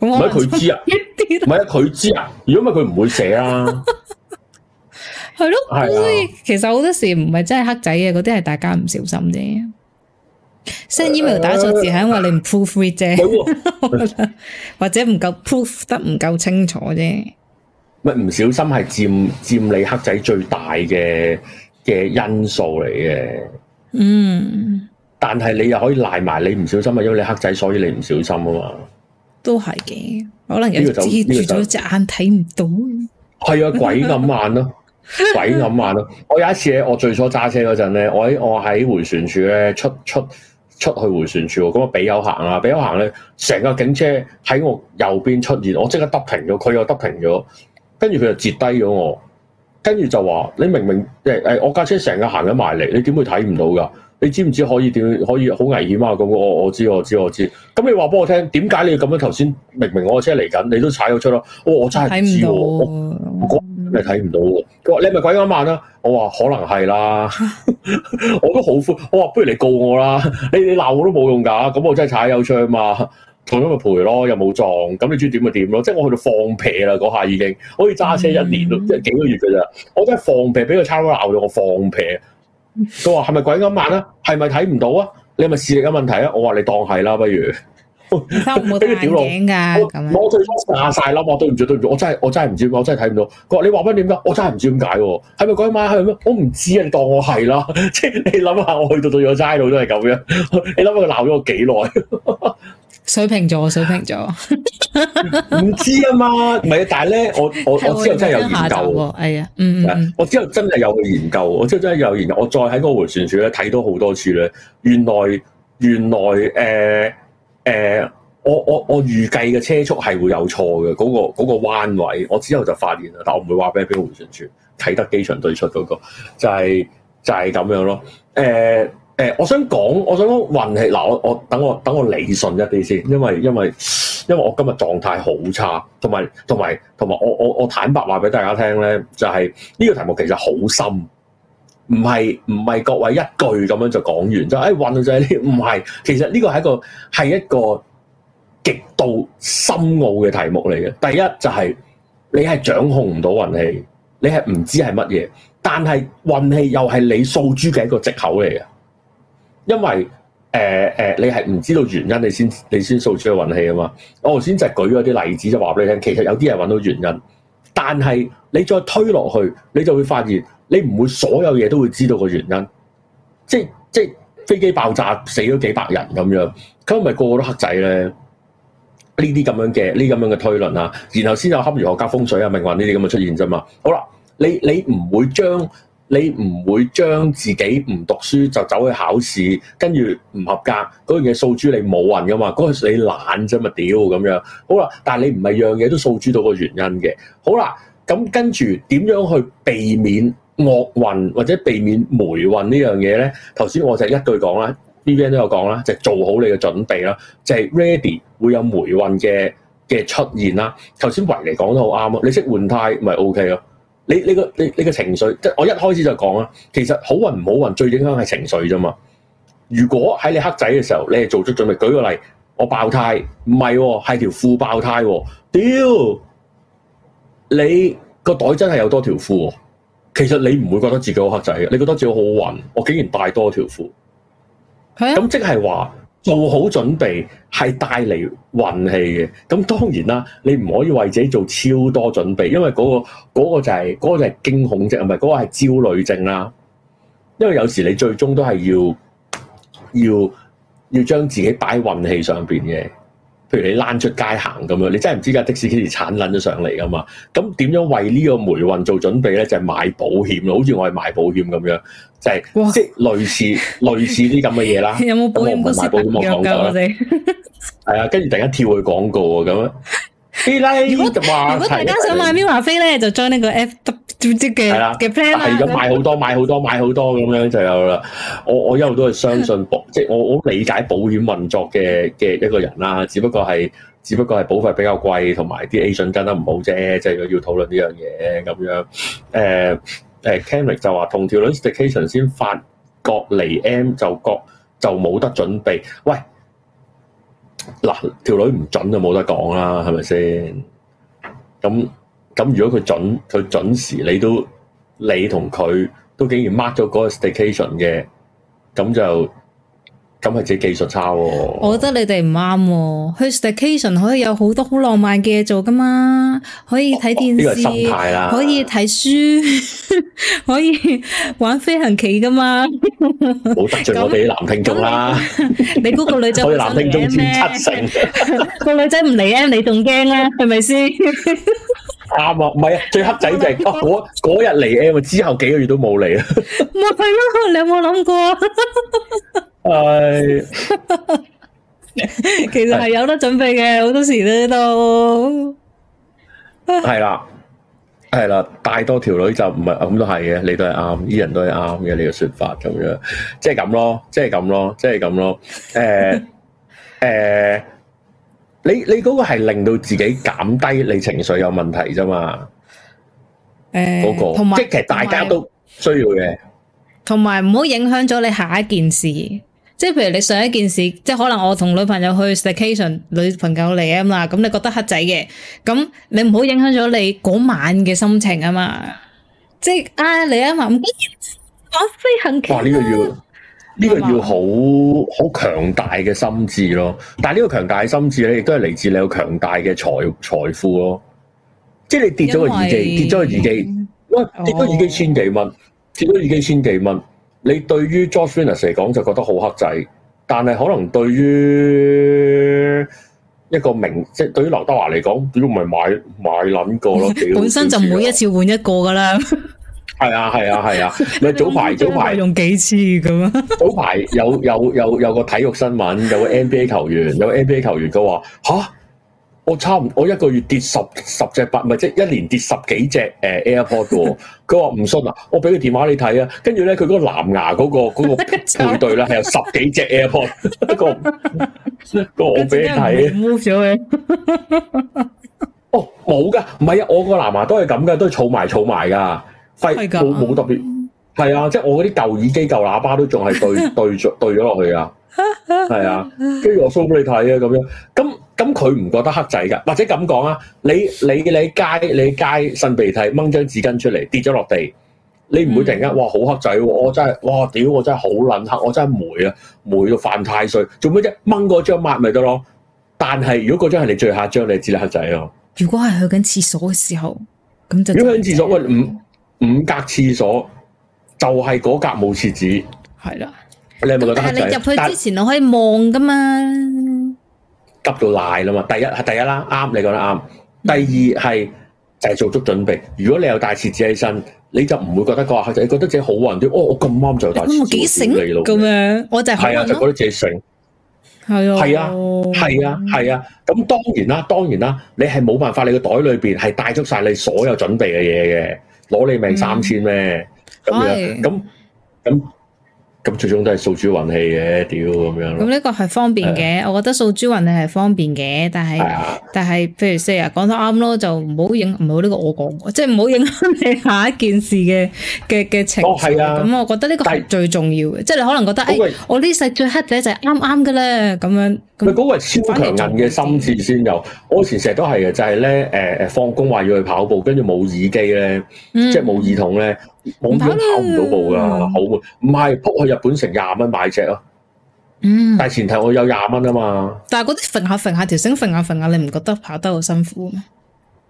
唔係佢知啊？唔係佢知啊？如果唔係佢唔會寫啊。係咯， 所以的其實好多時唔係真係黑仔嘅，嗰啲係大家唔小心啫。send email 打錯字係、啊、因為你唔 proof free 啫，的 或者唔夠 proof 得唔夠清楚啫。咪唔小心係佔佔你黑仔最大嘅嘅因素嚟嘅。嗯，但係你又可以賴埋你唔小心啊，因為你黑仔，所以你唔小心啊嘛。都係嘅，可能有遮住咗隻眼睇唔到。係、就係、 啊，鬼咁慢咯，鬼咁慢咯。我有一次咧，我最初揸車嗰陣咧，我喺我喺回旋處咧出出。出出出去回旋處，咁啊俾友行啊，俾友行咧，成個警車喺我右邊出現，我即刻得停咗，佢又得停咗，跟住佢就截低咗我，跟住就話你明明誒、欸欸，我架車成日行緊埋嚟，你點會睇唔到噶？你知唔知可以點？可以好危險啊！咁我我知我知我知，咁你話俾我聽，點解你要咁樣？頭先明明我架車嚟緊，你都踩咗出咯。哦，我我真係睇唔到。咩睇唔到喎？佢話你係咪鬼咁慢啊？我話可能係啦， 我都好灰。我話不如你告我啦，你你鬧我都冇用㗎。咁我真係踩油㗎嘛，撞咗咪賠咯，又冇撞，咁你鍾意點咪點咯。即係我去到放屁啦嗰下已經，我哋揸車一年都即係幾個月㗎咋。我真係放屁，俾個差佬鬧到我放屁。佢話係咪鬼咁慢啊？係咪睇唔到啊？你係咪視力嘅問題啊？我話你當係啦，不如。收唔好屌眼咁。我最初話晒喇，我對唔住，對唔住，我真係我真係唔知，我真係睇唔到。佢話你話翻點解？我真係唔知點解，係咪鬼馬，係我唔知，你當我係啦。即係你諗下，我去到對咗齋路都係咁樣。你諗下佢鬧咗我幾耐？水瓶座，水瓶座，唔 知啊嘛，唔係但係咧，我我我之後真係有研究。係啊、哎，嗯，嗯，我之後真係有去研究。我之後真係有研究。我再喺嗰個回旋處咧睇多好多次咧，原來原來誒。呃誒、呃，我我我預計嘅車速係會有錯嘅，嗰、那個嗰、那個、彎位，我之後就發現啦。但我唔會話俾你，俾回旋處啟德機場對出嗰、那個，就係、是、就係、是、咁樣咯。誒我想講，我想講運氣。嗱、呃，我我等我等我理順一啲先，因為因為因為我今日狀態好差，同埋同埋同埋我我我坦白話俾大家聽咧，就係、是、呢個題目其實好深。唔係唔係，各位一句咁樣就講完就誒、哎、運就係、是、呢？唔係，其實呢個係一個係一個極度深奧嘅題目嚟嘅。第一就係、是、你係掌控唔到運氣，你係唔知係乜嘢。但係運氣又係你訴諸嘅一個藉口嚟嘅，因為誒誒、呃呃，你係唔知道原因，你先你先訴諸咗運氣啊嘛。我頭先就係舉咗啲例子就話畀你聽，其實有啲人揾到原因，但係你再推落去，你就會發現。你唔會所有嘢都會知道個原因，即係即係飛機爆炸死咗幾百人咁樣，佢係咪個個都黑仔咧？呢啲咁樣嘅呢啲咁樣嘅推論啊，然後先有堪輿學家風水啊命運呢啲咁嘅出現啫嘛。好啦，你你唔會將你唔會將自己唔讀書就走去考試，跟住唔合格嗰樣嘢訴諸你冇運噶嘛？嗰陣你懶啫嘛，屌咁樣。好啦，但係你唔係樣嘢都訴諸到個原因嘅。好啦，咁跟住點樣去避免惡運或者避免霉運呢樣嘢呢？頭先我就一句講啦呢 VVN 都有講啦，就係、做好你嘅準備啦，就係、是、ready 會有霉運嘅嘅出現啦。頭先維尼講得好啱啊，你識換胎咪 OK 咯。你你個你你個情緒即係我一開始就講啦，其實好運唔好運最影響係情緒啫嘛。如果喺你黑仔嘅時候，你係做足準備。舉個例，我爆胎唔係，係條、哦、褲爆胎喎、哦。屌，你個袋真係有多條褲、哦。其實你唔會覺得自己好黑仔，你覺得自己好好運，我竟然帶多條褲，咁即係話做好準備係帶嚟運氣嘅。咁當然啦，你唔可以為自己做超多準備，因為嗰、嗰個、嗰個就係、係、嗰、嗰個係驚恐症，唔係、嗰個係焦慮症啦、啊。因為有時你最終都係要要要將自己擺喺運氣上邊嘅。譬如你躝出街行咁樣，你真係唔知架的士幾時鏟撚咗上嚟噶嘛？咁點樣為呢個霉運做準備咧？就係、是、買保險好似我係買保險咁樣、就是、哇即係即係類似類似啲咁嘅嘢啦。有冇保險公司嘅廣告咧？係不 啊，跟住突然間跳去廣告啊，咁樣。如果大家想買 Mirror 飛咧，就將呢個 app 嘅嘅 plan 啊，係如果買好多 買好多買好多咁樣就有啦。我我一路都係相信保，即係 我好理解保險運作嘅嘅一個人啦。只不過係，只不過係保費比較貴，同埋啲 agent 跟得唔好啫，即、就、係、是、要,要討論呢樣嘢咁樣。誒誒 Camric 就話同條女 station 先發，國離 M 就國就冇得準備。喂！嗱，條女唔準就冇得講啦，係咪先？咁咁，如果佢準，佢準時，你都你同佢都竟然 mark 咗嗰個 station 嘅，咁就～咁係自己技術差喎！我覺得你哋唔啱喎。去 staycation 可以有好多好浪漫嘅嘢做噶嘛，可以睇電視，哦哦、啦可以睇書， 可以玩飛行棋噶嘛。冇得罪我哋啲男聽眾啦！你估個女仔，所以男聽眾佔七成 個 女仔唔嚟啊，你仲驚啊？係咪先？ 啱啊，唔係啊，最黑仔就係嗰嗰日嚟 M，之後幾個月都冇嚟 啊。咪係咯，你有冇諗過、啊？誒 哎， 其實係有得準備嘅，好、哎、多時咧都係啦，係啦、哎，帶多條女就唔係咁都係嘅，你都係啱，啲人都係啱嘅，你個說法咁樣，即係、樣，即係咁咯，即係咁咯，即係咁咯，誒、 欸，誒、欸。你你嗰個係令到自己減低你情緒有問題啫嘛。誒，嗰個即係其實大家都需要嘅，同埋唔好影響咗你下一件事。即係譬如你上一件事，即係可能我同女朋友去 staycation，女朋友嚟啊嘛。咁你覺得黑仔嘅，咁你唔好影響咗你嗰晚嘅心情啊嘛。即係啊，你啊嘛，唔該，我飛行。呢個要好好強大嘅心智咯，但係呢個強大嘅心智咧，亦都係嚟自你有強大嘅財財富咯。即係你跌咗個耳機，跌咗個耳機，哇為、啊！跌咗耳機千幾蚊，哦、跌咗耳機千幾蚊。你對於 Josh Venus 嚟講就覺得好黑仔，但係可能對於一個名，即係對於劉德華嚟講，唔係買買捻個咯，個本身就每一次換一個噶啦。 係啊係啊係啊！你早排早排，用幾次咁早排，有有有有個體育新聞，有個 NBA 球員，有 NBA 球員佢話吓，我差唔，我一個月跌十十隻八，唔係即係一年跌十幾隻誒 AirPod，佢話唔信啊，我俾你電話你睇啊。跟住咧，佢嗰個藍牙嗰、嗰個、嗰個配對呢係就是 有十幾隻 AirPod 個一個，一個我俾你睇啊，冇 move 咗嘅哦，冇噶。唔係啊，我個藍牙都係咁噶，都儲埋儲埋噶。冇冇特別係的啊，啊！即、就、係、是、我嗰啲舊耳機、舊喇叭都仲係對 對對對咗落去啊！係啊，跟住我 show 俾你睇啊！咁樣咁咁佢唔覺得黑仔㗎？或者咁講啊？你你你街你街擤鼻涕掹張紙巾出嚟跌咗落地，你唔會突然間、嗯、哇好黑仔喎、啊！我真係哇屌！我真係好撚黑！我真係霉啊！霉到犯太歲！做咩啫？掹嗰張抹咪得咯！但係如果嗰張係你最後張，你知你黑仔咯？如果係去緊廁所嘅時候咁就如果去廁所喂唔？五格廁所就係嗰格冇廁紙，係咯。你有冇覺得都係？但係你入去之前，你可以望噶嘛？急到賴啦嘛！第一係第一啦，啱你講得啱。第二係就係做足準備。如果你有帶廁紙喺身，你就唔會覺得怪，你係覺得自己好運啲哦。我咁啱就帶咗紙嚟咯，咁咪幾醒？咁樣我就係啊，就覺得自己醒係啊，係啊，係啊。咁當然啦，當然啦，你係冇辦法，你個袋裏邊係帶足晒你所有準備嘅嘢嘅。攞你命三千咩？咁咁咁咁最終都係數珠運氣嘅，屌咁樣咯。咁呢個係方便嘅，的我覺得數珠運氣係方便嘅，但係但係，譬如四啊，講得啱咯，就唔好影唔好呢個我講，即係唔好影響你下一件事嘅嘅嘅情緒。咁的、嗯、我覺得呢個係最重要嘅，是即係你可能覺得，誒 okay,、哎，我呢世最黑仔就係啱啱嘅啦，咁樣。佢嗰那個超強硬嘅心智先有，我以前成日都係嘅，就係咧誒誒放工話要去跑步，跟住冇耳機咧，嗯、即係冇耳筒咧，冇根本跑唔到步噶，好唔係，仆去日本成廿蚊買隻咯，嗯，但係前提我有廿蚊啊嘛，但係嗰啲揈下揈下條繩揈下揈下，你唔覺得跑得好辛苦咩？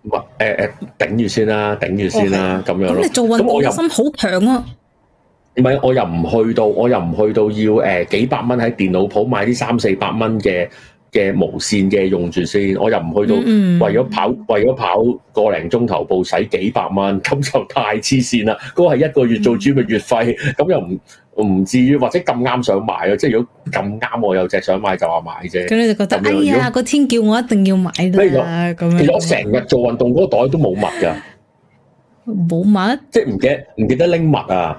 唔係誒頂住先啦，頂住先啦、啊，咁、啊哦、樣咯。咁你做運動心好強啊！唔係，我又唔去到，我又唔去到要誒、呃、幾百蚊喺電腦鋪買啲三四百蚊嘅嘅無線嘅用住先。我又唔去到，為咗跑，mm hmm. 為咗跑個零鐘頭步，使幾百蚊，咁就太黐線啦。嗰個係一個月做 gym 嘅月費，咁、mm hmm. 又唔唔至於，或者咁啱想買咯。即係如果咁啱，我有隻想買就話買啫。咁你就覺得，哎呀，個果天叫我一定要買啦。咁就樣成日做運動，嗰、那個袋都冇襪㗎，冇襪，即係唔記得唔記得拎襪啊！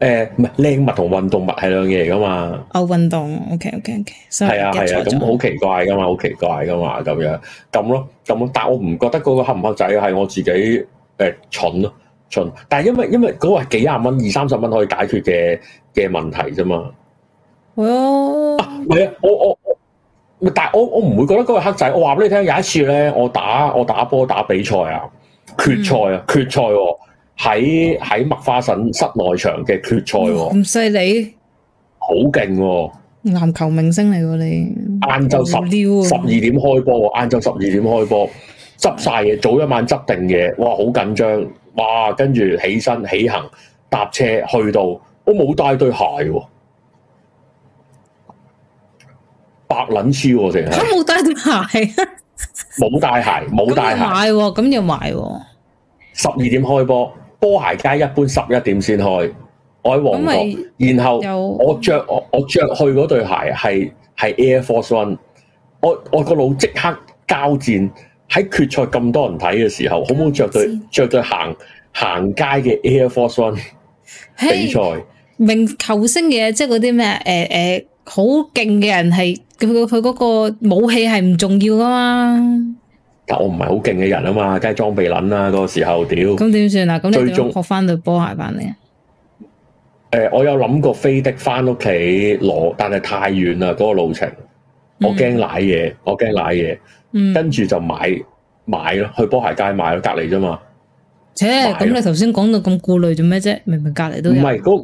誒，唔係靚物同運動物係兩嘢嚟噶嘛？哦，運動，OK，OK，OK。係、OK, OK, OK, 啊，係啊，咁好奇怪噶嘛，好奇怪噶嘛，咁樣，咁咯，咁咯。但係我唔覺得嗰個黑唔黑仔係我自己誒、欸、蠢咯，蠢。但係因為因為嗰個係幾廿蚊、二三十蚊可以解決嘅嘅問題啫嘛。哦。啊，係啊，我我，我但係我我唔會覺得嗰個黑仔。我話俾你聽，有一次咧，我打我打波打比賽、嗯、啊，決賽啊，決賽。喺喺麥花臣室內場嘅決賽，咁犀利，好勁！籃球明星嚟嘅你，晏晝十十二點開波，晏晝十二點開波，執晒嘢，的早一晚執定嘢，哇，好緊張！哇，跟住起身起行，搭車去到，我冇帶對鞋，白捻超我成，我冇帶對鞋，冇帶鞋，冇帶鞋，咁要買，十二點開波。波鞋街一般十一點先開，我喺旺角，然後我着我我着去嗰對鞋係係 Air Force One，我我個腦即刻交戰，喺決賽咁多人睇嘅時候，好唔好着對着對行行街嘅 Air Force One hey，比賽？明球星嘅即係嗰啲咩，誒誒，好勁嘅人係佢佢嗰個武器係唔重要噶嘛？但我唔係好勁嘅人啊嘛，梗係裝備捻啦嗰個時候，屌！咁點算啊？咁你點學翻對波鞋翻嚟啊？誒，我有諗過飛的翻屋企攞，但係太遠啦，嗰個路程，嗯我怕，我驚瀨嘢，我驚瀨嘢，跟住就買買咯，去波鞋街買咯，隔籬啫嘛。切，咁你頭先講到咁顧慮做咩啫？明明隔籬都唔係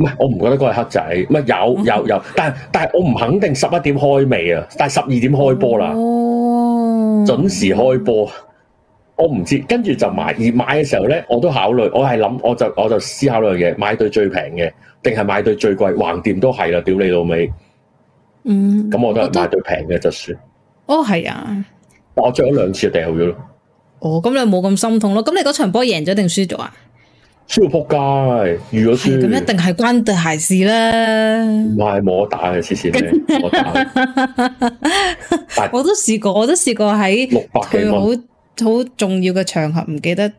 唔係我唔覺得嗰係黑仔，有有有，有 但係但係我唔肯定十一點開未啊？但係十二點開波啦。哦準時開波，我唔知，跟住就買。而買嘅時候咧，我都考慮，我係諗，我就我就思考兩樣嘢，買對最平嘅，定係買對最貴，橫掂都係啦，屌你老味！嗯。咁我都係買對平嘅就算。哦，係啊。我着咗兩次就掉咗要咯。哦，咁你冇咁心痛咯？咁你嗰場波贏咗定輸咗啊？輸到仆街，如果輸係咁，一定係關對鞋事啦。唔係摩打嘅，試試咧，摩打。我都試過，我都試過喺佢好好重要嘅場合，唔記得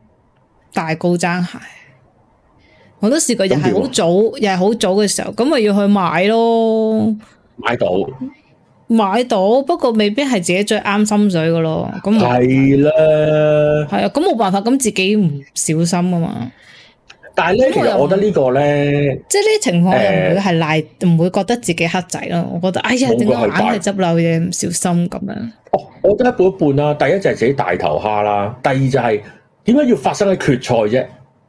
戴高踭鞋。我都試過，又係好早，又係好早嘅時候，咁咪要去買咯。買到買到，不過未必係自己最啱心水㗎咯。咁係啦，係啊，咁冇辦法，咁自己唔小心啊嘛。但係咧，其實我又覺得呢個呢個咧，即係呢啲情況、呃，又唔會係賴，唔會覺得自己黑仔咯。欸、我覺得，哎呀，點解硬係執漏嘢，唔小心咁樣？哦，我覺得一半一半啦、啊。第一就係自己大頭蝦啦，第二就係點解要發生喺決賽啫？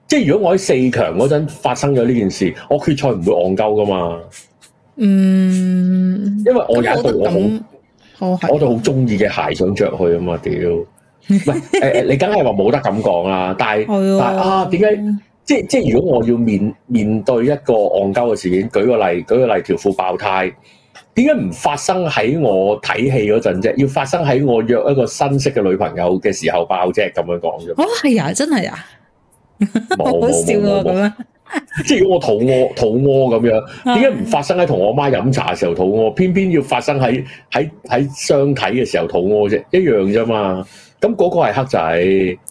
即係如果我喺四強嗰陣發生咗呢件事，我決賽唔會戇鳩噶嘛。嗯，因為我有一對我好，我這、哦、我就好中意嘅鞋想着去啊嘛。屌， 唔、欸、係你梗係話冇得咁講啦。但係 但係啊，點解？即係即係，如果我要面面對一個戇鳩嘅事件，舉個例，舉個例，條褲爆胎，點解唔發生喺我睇戲嗰陣啫？要發生喺我約一個新識嘅女朋友嘅時候爆啫？咁樣講啫。哦，係啊，真係啊，好冇冇冇，咁啊！ 即係如果我肚餓，肚餓咁樣，點解唔發生喺同我媽飲茶嘅時候肚餓？偏偏要發生喺喺喺相睇嘅時候肚餓啫，一樣啫嘛。咁嗰個係黑仔，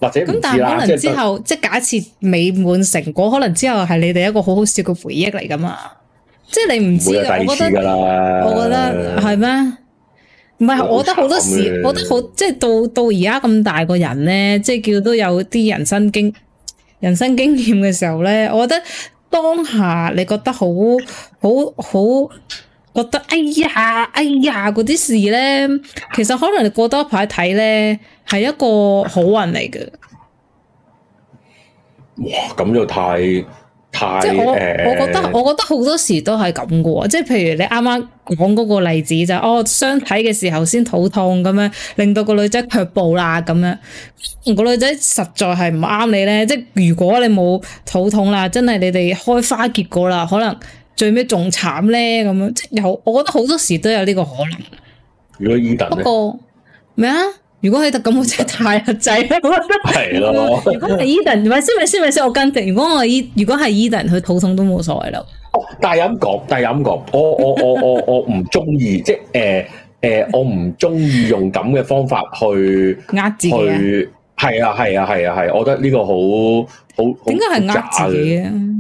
或者咁，但係可能之後，就是、即係假設未滿成果，可能之後係你哋一個好好笑嘅回憶嚟噶嘛？即係你唔知㗎。我覺得，我覺得係咩？唔係，我覺得好多時，我覺得好，即係到到而家咁大個人咧，即係叫都有啲人生經人生經驗嘅時候咧，我覺得當下你覺得好好好。覺得哎呀，哎呀，嗰啲事呢，其實可能你過多排睇呢，係一個好運嚟嘅。哇，咁就太太，太即係我、呃、我覺得，我覺得好多時都係咁嘅。即係譬如你啱啱講嗰個例子就，哦，相睇嘅時候先肚痛咁樣，令到個女仔卻步啦，咁樣個女仔實在係唔啱你呢。即係如果你冇肚痛啦，真係你哋開花結果啦，可能。最屘仲慘咧咁樣！即有，我覺得好多時都有呢個可能。如果 Edan 不過咩啊？如果係特，咁我真係太閪仔。係咯。 如果係 Edan，唔咪先，咪先，唔先，我跟定。如果我伊，如果係 Edan，佢肚痛都冇所謂啦。哦，但係咁講，但係咁講，我我我我我唔中意，即誒誒，我唔中意用咁嘅方法去呃 自己。係啊，係啊，係啊，係、啊啊啊，我覺得呢個好好點解係呃自己啊？嗯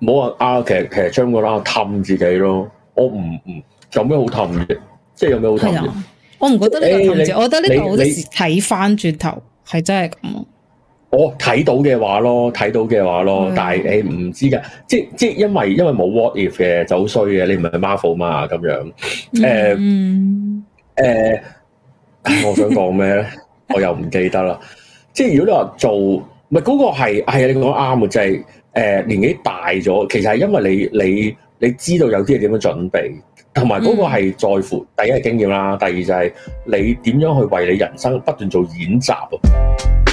冇話啊，其實其實將個啦，氹自己咯。我唔唔有咩好氹嘅，即係有咩好氹、啊、我唔覺得有氹、欸、我覺得呢個好你。時你睇翻轉頭係真係咁。我睇到嘅話咯，睇到嘅話咯，的但係你唔知噶，即係即係因為因為冇 what if 嘅就好衰嘅，你唔係 Marvel 嘛咁樣。嗯、誒誒，我想講咩咧？ 我又唔記得啦。即係如果你話做，唔係嗰個係係啊，你講啱啊，就係、是。呃、年紀大咗，其實係因為你你你知道有啲嘢點樣準備，同埋嗰個係在乎、嗯、第一係經驗啦，第二就係你點樣去為你人生不斷做演習、啊。